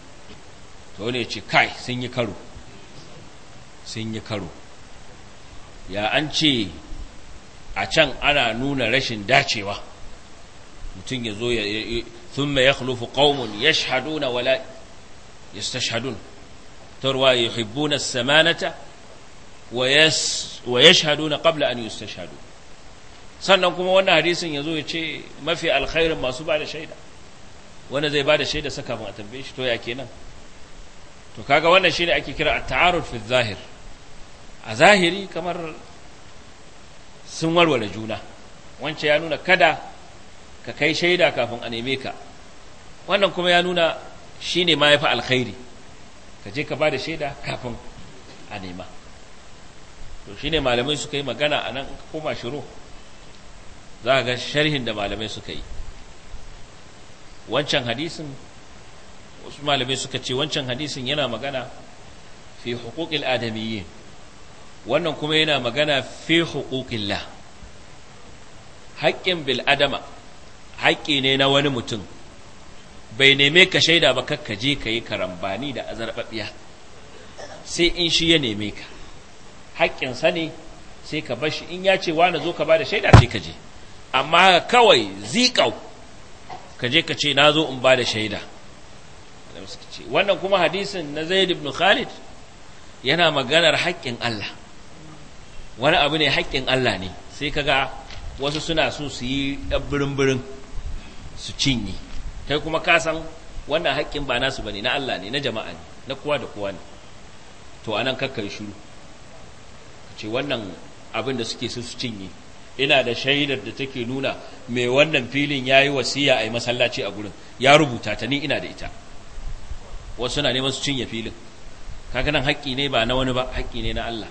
to ne ce kai sun yi karo sun yi karo ya an ce a can ana nuna rashin dacewa mutum ya zo ثم يخلف قوم يشهدون ولا يستشهدون تروى يحبون السمانة ويس ويشهدون قبل أن يستشهدوا سنقوم وانا حديث يزوي شيء ما في الخير ما على الشيء وانا زي بعد الشيء سكا ما تبيش تو يأكينا تو كاكا وانا شيء أكي كرا التعارض في الظاهر الظاهري كمر سمول ولا جونا وانشي يعنونا كده ka kai shaida kafin a neme ka wannan kuma ya nuna shi ne ma ya fi alkhairi ka je ka ba da shaida kafin a nema to shi ne malamai suka yi magana a nan koma shiro za ka ga sharhin da malamai suka yi wancan hadisin wasu malamai suka ce wancan hadisin yana magana fi hukukil adamiyyin wannan kuma yana magana fi hukukillah haƙƙin bil'adama haƙƙi ne na wani mutum bai neme ka shaida ba kakka je ka yi karambani da azarbabiya sai in shi ya neme ka haƙƙinsa ne sai ka bar shi in ya ce wani zo ka ba da shaida sai ka je amma kawai ziƙau ka je ka ce na zo in ba da shaida wannan kuma hadisin na zaid ibn khalid yana maganar haƙƙin Allah wani abu ne haƙƙin Allah ne sai ka ga wasu suna so su yi birin-birin su cinye kai kuma ka san wannan haƙƙin ba nasu bane na Allah ne na jama'a ne na kowa da kowa ne to anan yi shiru ce wannan abin da suke so su cinye ina da shaidar da take nuna mai wannan filin ya yi wasiya a yi masallaci a gurin ya rubuta ta ni ina da ita wasu na neman su cinye filin kaga nan haƙƙi ne ba na wani ba haƙƙi ne na Allah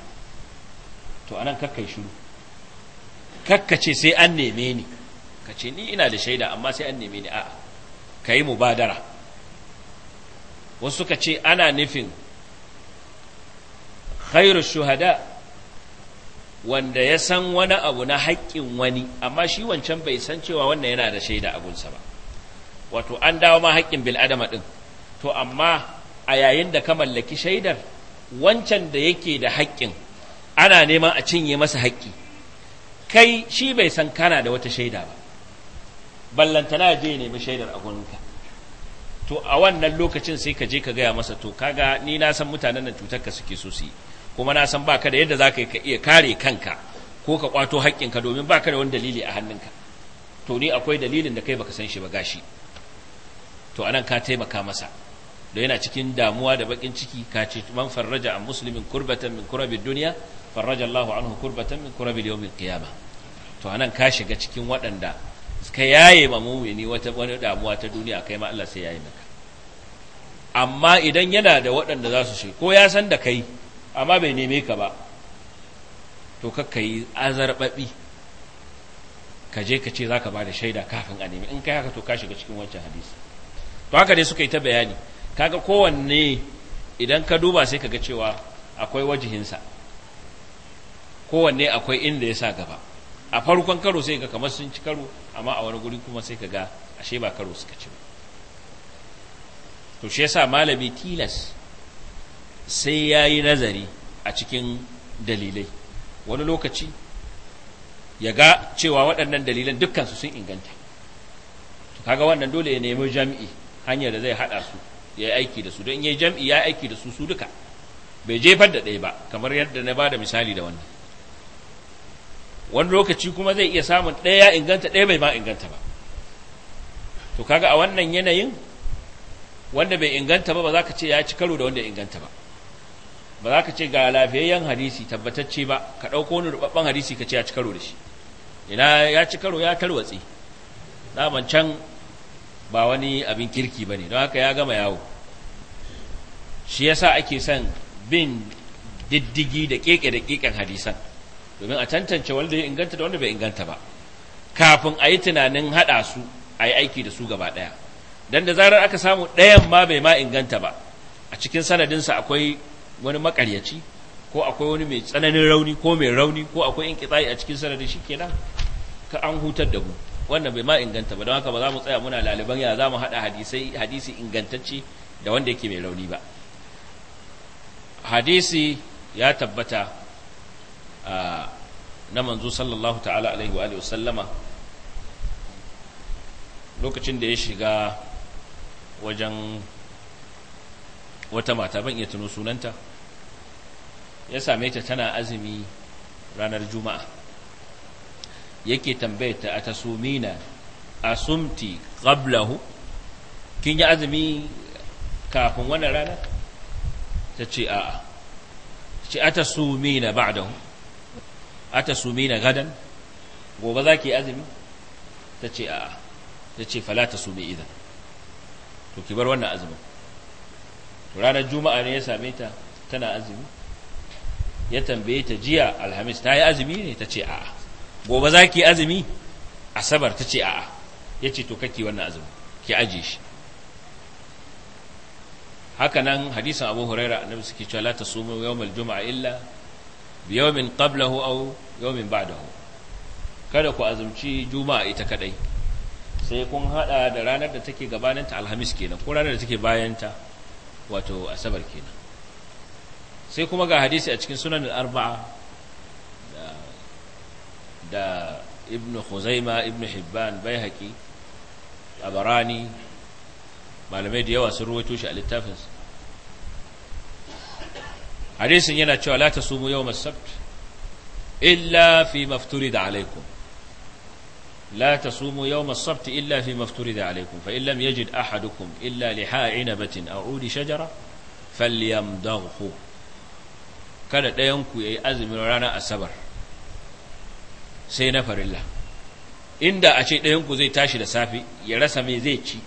to anan yi shiru kakka ce sai an neme ni ka ce ni ina da shaida amma sai an neme ni a'a ka yi mubadara wasu ka ce ana nufin khairu shuhada wanda ya san wani abu na haƙƙin wani amma shi wancan bai san cewa wannan yana da shaida abunsa ba wato an dawo ma haƙƙin bil'adama ɗin to amma a yayin da ka mallaki shaidar wancan da yake da haƙƙin ana neman a cinye masa haƙƙi kai shi bai san kana da wata shaida ba ballantana ya je ya nemi shaidar a gurinka to a wannan lokacin sai ka je ka gaya masa to kaga ni na san mutanen nan cutarka suke so su yi kuma na san baka da yadda za ka iya kare kanka ko ka kwato haƙƙinka domin baka da wani dalili a hannunka to ni akwai dalilin da kai baka san shi ba gashi to anan ka taimaka masa da yana cikin damuwa da bakin ciki ka ce man farraja an muslimin kurbatan min kurabi duniya farraja Allahu anhu kurbatan min kurabi yawmil qiyamah to anan ka shiga cikin waɗanda ka yaye ma mumini wata wani damuwa ta duniya kai ma Allah sai yaye maka amma idan yana da waɗanda za su shiga ko ya san da kai amma bai neme ka ba to kakka yi azarbabi ka je ka ce za ka ba da shaida kafin a nemi in kai haka to ka shiga cikin wancan hadisi to haka dai suka yi ta bayani kaga kowanne idan ka duba sai kaga cewa akwai wajihinsa kowanne akwai inda yasa gaba a farkon karo sai ga kamar sun ci karo amma a wani guri kuma sai ka ga ashe ba karo suka ci ba to shi yasa malami tilas sai ya yi nazari a cikin dalilai wani lokaci ya ga cewa waɗannan dalilan dukkansu sun inganta to kaga wannan dole ya nemi jam'i hanyar da zai haɗa su ya yi aiki da su don ya yi jam'i ya aiki da su su duka bai jefar da ɗaya ba kamar yadda na ba da misali da wannan wani lokaci kuma zai iya samun ɗaya inganta ɗaya bai ma inganta ba to kaga a wannan yanayin wanda bai inganta ba ba za ka ce ya ci karo da wanda inganta ba ba za ka ce ga lafiyayyen hadisi tabbatacce ba ka ɗauko wani rubabban hadisi ka ce ya ci karo da shi ina ya ci karo ya tarwatsi daman can ba wani abin kirki ba ne don haka ya gama yawo shi yasa ake son bin diddigi da keke da keken hadisan domin a tantance wanda ya inganta da wanda bai inganta ba kafin a yi tunanin haɗa su a yi aiki da su gaba ɗaya don da zarar aka samu ɗayan ma bai ma inganta ba a cikin sanadinsa akwai wani makaryaci ko akwai wani mai tsananin rauni ko mai rauni ko akwai in a cikin sanadin shi kenan ka an hutar da mu wannan bai ma inganta ba don haka ba za mu tsaya muna laliban ya za mu haɗa hadisai hadisi ingantacce da wanda yake mai rauni ba hadisi ya tabbata na manzo sallallahu ta'ala alaihi wa sallama lokacin da ya shiga wajen wata mata ban iya tuno sunanta ya same ta tana azumi ranar juma'a yake a ta atasumina asumti qablahu kin yi azumi kafin wannan rana ta ce a'a ce a ta sumina ba'dahu atasumina gadan gobe za zaki azumi ta tace a'a tace fala tasumi idan to ki bar wannan azumin ranar juma'a ne ya same ta tana azumi ya tambaye ta jiya alhamis ta yi azumi ne ta ce a'a gobe za zaki azumi asabar ta tace a'a ce to kake wannan azumin ki aje shi haka nan hadisin abu huraira annabi suke cewa la tasumu yawmal juma'a illa bi yawmin qablahu aw yawmin ba'dahu kada ku azumci juma'a ita kadai sai kun hada da ranar da take gabanin ta alhamis kenan ko ranar da take bayan ta wato asabar kenan sai kuma ga hadisi a cikin sunan al-arba'a da ibn khuzaima ibn hibban bai abarani malamai da yawa sun ruwaito shi a littafinsa hadisin yana cewa la tasumu yawmas sabt illa fi mafturida alaikum لا تصوموا يوم السبت إلا فيما افترض عليكم فإن لم يجد أحدكم إلا لحاء عنبة أو عود شجرة فليمضغه kada ɗayanku ya yi azumin ranar asabar sai na farilla inda a ce ku zai tashi da safi ya rasa mai zai ci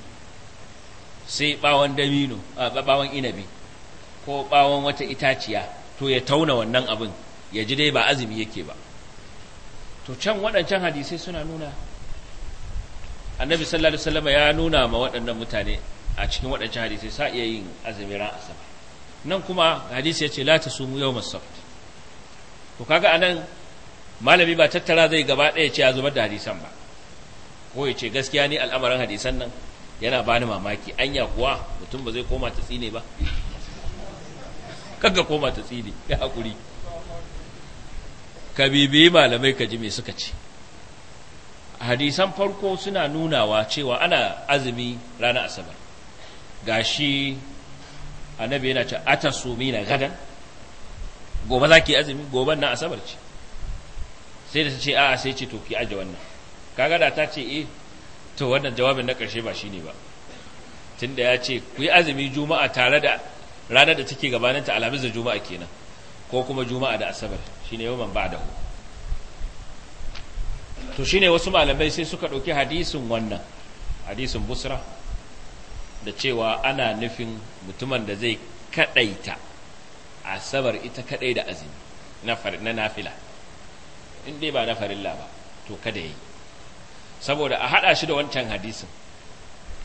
sai ɓawon dabino ɓawon inabi ko bawon wata itaciya to ya tauna wannan abin ya ji dai ba azumi yake ba to can waɗancan hadisai suna nuna annabi sallallahu alaihi wasallam ya nuna ma waɗannan mutane a cikin waɗancan hadisai sa iya yin azumi ran asabar nan kuma hadisi ya ce la tasumu yawmas sabt to kaga anan malami ba tattara zai gaba ɗaya ce ya zubar da hadisan ba ko ya ce gaskiya ne al'amarin hadisan nan yana bani mamaki anya kuwa mutum ba zai koma ta tsine ba kaga koma ta tsini ya haƙuri ka bibiyi malamai ka ji me suka ce hadisan farko suna nunawa cewa ana azumi ranar asabar gashi annabi yana ce ata na gadan gobe za ki azumi Gobe na asabar ce sai da ta ce a'a sai ce to ki aje wannan ka da ta ce eh to wannan jawabin na karshe ba shine ba tunda ya ce ku yi azumi juma'a tare da ranar da take gabaninta alhamis da juma'a kenan ko kuma juma'a da asabar shine yawan ba'dahu to shine wasu malamai sai suka ɗauki hadisin wannan hadisin busra da cewa ana nufin mutumin da zai kaɗaita asabar ita kadai da azumi na nafila in dai ba na farilla ba to kada yi saboda a haɗa shi da wancan hadisin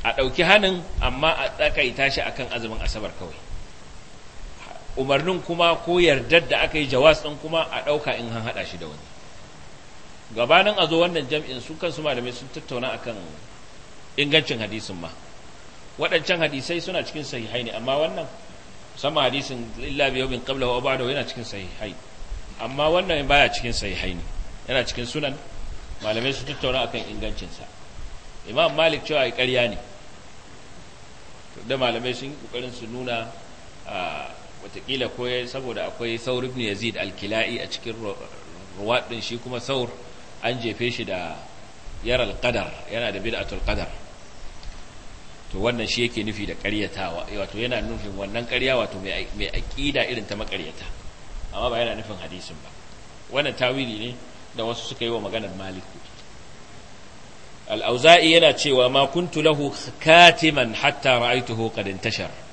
a ɗauki hannun amma a tsakaita shi akan azumin asabar kawai umarnin kuma ko yardar da aka yi jawas ɗin kuma a ɗauka in an haɗa shi da wani gabanin a zo wannan jam'in su kansu malamai sun tattauna akan ingancin hadisin ma waɗancan hadisai suna cikin sahihai ne amma wannan musamman hadisin illa biyu bin qabla wa ba'da yana cikin sahihai amma wannan baya cikin sahihai ne yana cikin sunan malamai sun tattauna akan ingancinsa imam malik cewa ai ƙarya ne da malamai sun yi ƙoƙarin su nuna ah, watakila ko saboda akwai saur ibn yazid al-kila'i a cikin ruwad din shi kuma saur an jefe shi da yara al-qadar yana da bid'atul qadar to wannan shi yake nufi da ƙaryatawa eh, wato yana nufin wannan ƙarya wato mai aƙida irin ta maƙaryata amma ba yana nufin hadisin ba wannan tawili ne da wasu suka yi wa maganar maliku al-auza'i yana cewa ma kuntu lahu katiman hatta ra'aytuhu qad intashara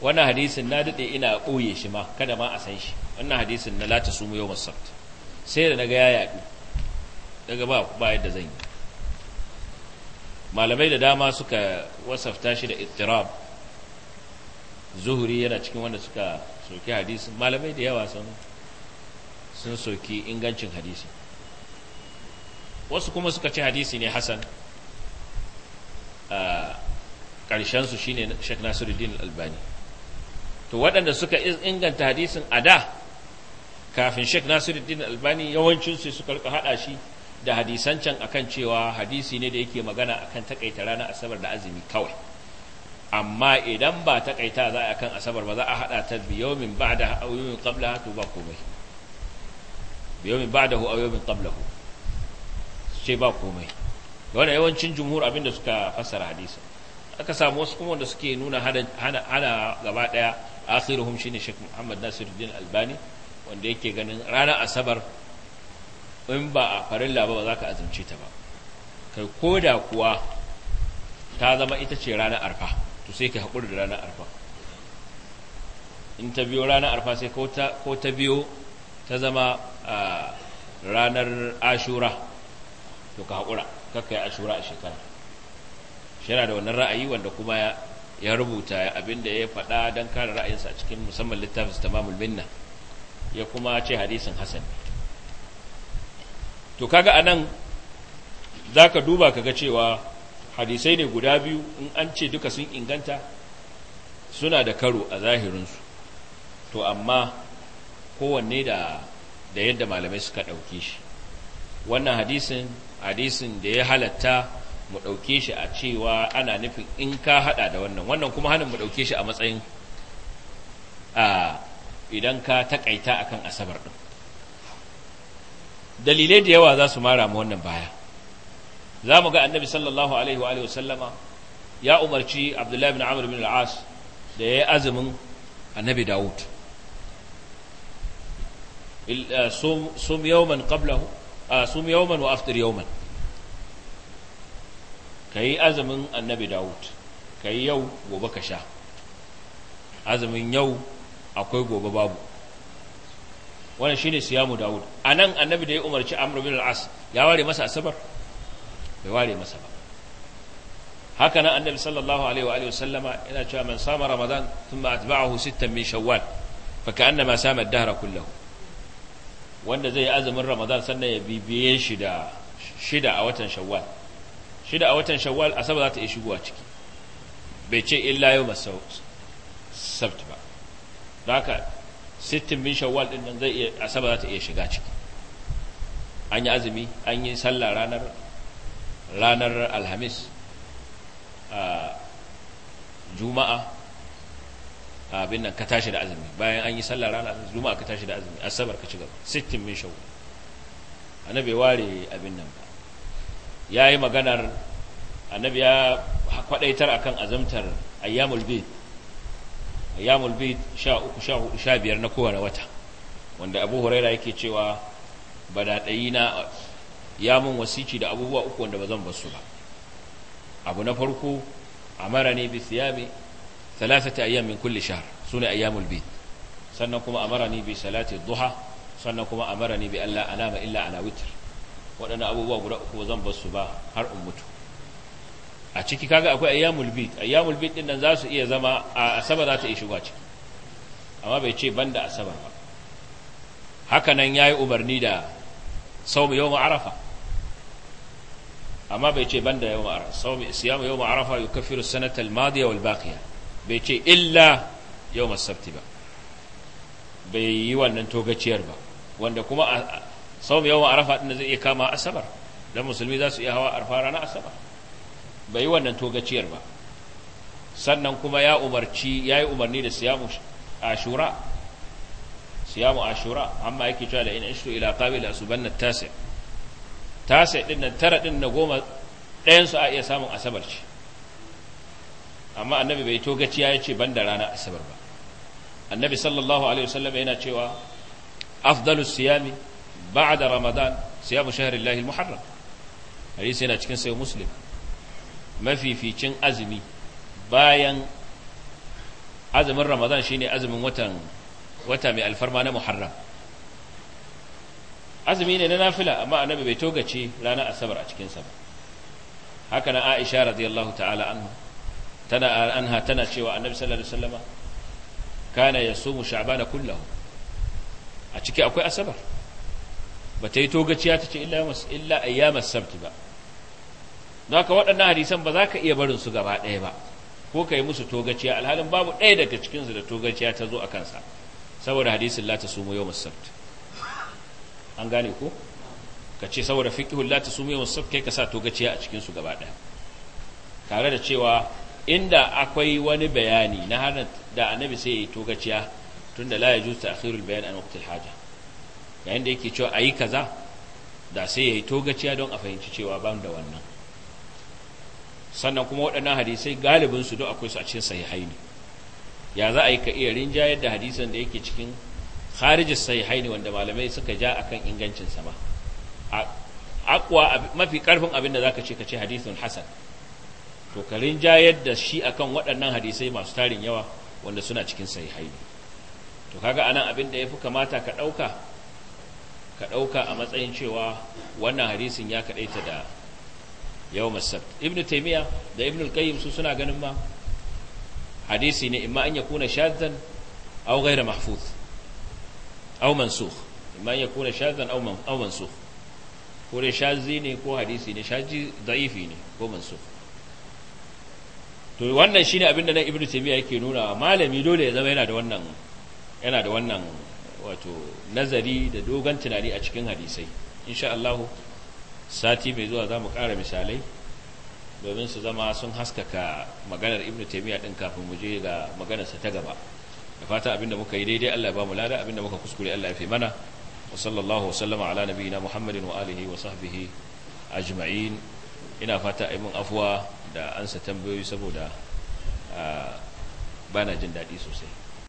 wannan hadisin na dade ina ɓoye shi ma kada ma a san shi wannan hadisin na lata su mu yau masabt sai da naga ya yaɗu daga ba ba yadda zan yi malamai da dama suka wasafta shi da ittirab zuhuri yana cikin wanda suka soki hadisin malamai da yawa sun sun soki ingancin hadisi wasu kuma suka ci hadisi ne hasan a ah, ƙarshensu shine Sheikh Nasiruddin Al-Albani to waɗanda suka inganta hadisin a da kafin sheikh nasiruddin albani yawancinsu suka rika haɗa shi da hadisan can akan cewa hadisi ne da yake magana akan takaita rana asabar da azumi kawai amma idan ba takaita za a kan asabar ba za a haɗa ta biyomin ba da auyomin qabla to ba komai biyomin ba da auyomin qabla ce ba komai wannan yawancin jumhur abinda suka fassara hadisi aka samu wasu kuma wanda suke nuna hana gaba ɗaya akhiruhum shine Sheikh Muhammad Nasiruddin Albani wanda yake ganin ranar asabar in ba a farin laba ba za ka azumce ta ba kai da kuwa ta zama ita ce ranar arfa to sai ka haƙuri da ranar arfa in ta biyo ranar arfa sai ko ta biyo ta zama ranar ashura to ka haƙura kakka yi ashura a shekara shi da wannan ra'ayi wanda kuma ya rubuta abin da ya faɗa don kare ra'ayinsa a cikin musamman littafin tamamul minna ya kuma ce hadisin hassan to kaga anan ka duba kaga cewa hadisai ne guda biyu in an ce duka sun inganta suna da karo a zahirinsu to amma kowanne da da yadda malamai suka ɗauki shi wannan hadisin hadisin da ya halatta mu ɗauke shi a cewa ana nufin in ka haɗa da wannan wannan kuma hannun mu ɗauke shi a matsayin a idan ka taƙaita akan asabar ɗin dalilai da yawa za su mara mu wannan baya za mu ga annabi sallallahu alaihi wa sallama ya umarci abdullahi bin amr bin al-as da ya yi azumin annabi dawud sum yawman qablahu sum yawman wa aftar yawman ka yi azumin annabi dawud ka yi yau gobe ka sha azumin yau akwai gobe babu wannan shine siyamu dawud a nan annabi da ya umarci amr bin al-as ya ware masa asabar bai ware masa ba haka nan annabi sallallahu alaihi wa alihi wasallama yana cewa man sama ramadan thumma atba'ahu sittan min shawwal fa ka'annama sama ad-dahra kullahu wanda zai azumin ramadan sannan ya bibiye shi da shida a watan shawwal shida a watan shawwal Asabar za ta iya shigowa ciki bai ce illa yau sabt ba don haka sittin bin shawwal din nan zai iya asaba za ta iya shiga ciki an yi azumi an yi sallah ranar ranar alhamis a juma'a abin nan ka tashi da azumi bayan an yi sallah ranar alhamis juma'a ka tashi da azumi asabar ka ci gaba sittin bin shawwal annabi ware abin nan ba ya yi maganar annabi ya kwadaitar akan azamtar ayyamul bid ayyamul bid sha uku sha hudu sha biyar na kowane wata wanda abu huraira yake cewa ba da na ya mun wasici da abubuwa uku wanda ba zan bar su ba abu na farko amara ne bi siyami thalathata ayyam min kulli shahr sune ayyamul bid sannan kuma amara ne bi salati duha sannan kuma amara ne bi alla anama illa ala witr waɗannan abubuwa guda uku zan bar su ba har in mutu a ciki kaga akwai ayyamul bid ayyamul bid din nan za su iya zama a asaba za ta iya shiga ciki amma bai ce banda asabar ba haka nan yayi umarni da saum yawm arafa amma bai ce banda yawm arafa saum siyam yawm arafa yukaffiru sanata al-madiya wal baqiya bai ce illa yawm as-sabt ba bai yi wannan togaciyar ba wanda kuma a. sau mai yawan arafa ɗin zai iya kama asabar don musulmi za su iya hawa arafa rana asabar bai yi wannan togaciyar ba sannan kuma ya umarci ya yi umarni da siyamu ashura siyamu ashura amma yake cewa da in ishtu ila qabil asubanna tasi tasi din nan tara din na goma ɗayan su a iya samun asabar ce amma annabi bai to gaciya ya ce ban da rana asabar ba annabi sallallahu alaihi wasallam yana cewa afdalu siyami da ramadan siyamu shahrillahi almuharram hadisi yana cikin sayo muslim mafificin azumi bayan azumin ramadan shine azumin watan wata mai alfarma na muharram azumi ne na nafila amma annabi bai togace ranar asabar a cikinsa ba haka na aisha radiyallahu ta'ala anhu tana anha tana cewa annabi sallallahu alaihi wasallama kana yasumu sha'bana kullahu a ciki akwai asabar ba ta yi togaciya ta ce illa ayyamar sabti ba za ka waɗannan hadisan ba za ka iya barin su gaba ɗaya ba ko ka yi musu togaciya alhalin babu ɗaya daga cikinsu da togaciya ta zo a kansa saboda hadisin lati ta sumu masu sabti an gane ko ka ce saboda fikihun lati ta sumu masu sabti kai ka sa togaciya a cikinsu gaba ɗaya tare da cewa inda akwai wani bayani na hana da annabi sai ya yi togaciya tun da la yajuz ta'khirul bayan an waqtil haja yayin da yake cewa ayi kaza da sai yayi togaciya don a fahimci cewa ban da wannan sannan kuma waɗannan hadisai galibin su duk akwai su a cikin sahihaini ya za a yi ka iya rinjayar da hadisan da yake cikin kharijis sahihaini wanda malamai suka ja akan ingancin sa ba akwa mafi karfin abin da zaka ce ka ce hadithun hasan to ka rinjayar da shi akan waɗannan hadisai masu tarin yawa wanda suna cikin sahihai to kaga anan abin da ya fi kamata ka ɗauka ka ɗauka a matsayin cewa wannan hadisin ya kaɗaita da yau masar ibn taimiyya da ibn al-qayyim su suna ganin ma hadisi ne imma an ya kuna shadzan aw ghayra mahfuz aw mansukh imma an ya kuna shadzan aw man aw mansukh ko dai shazzi ne ko hadisi ne shazzi da'ifi ne ko mansukh to wannan shine abinda nan ibn taimiyya yake nuna malami dole ya zama yana da wannan yana da wannan wato nazari da dogon tunani a cikin hadisai insha Allah sati mai zuwa za mu ƙara misalai domin su zama sun haskaka maganar Ibn taimiyya din kafin mu je ga maganarsa ta gaba da fata abinda muka yi daidai Allah ya ba mu lada abinda muka kuskure Allah ya fi mana wa sallallahu sallama ala nabiyyina muhammadin wa alihi wa sahbihi ajma'in ina fata a mun afuwa da ansa tambayoyi saboda ah, bana jin daɗi sosai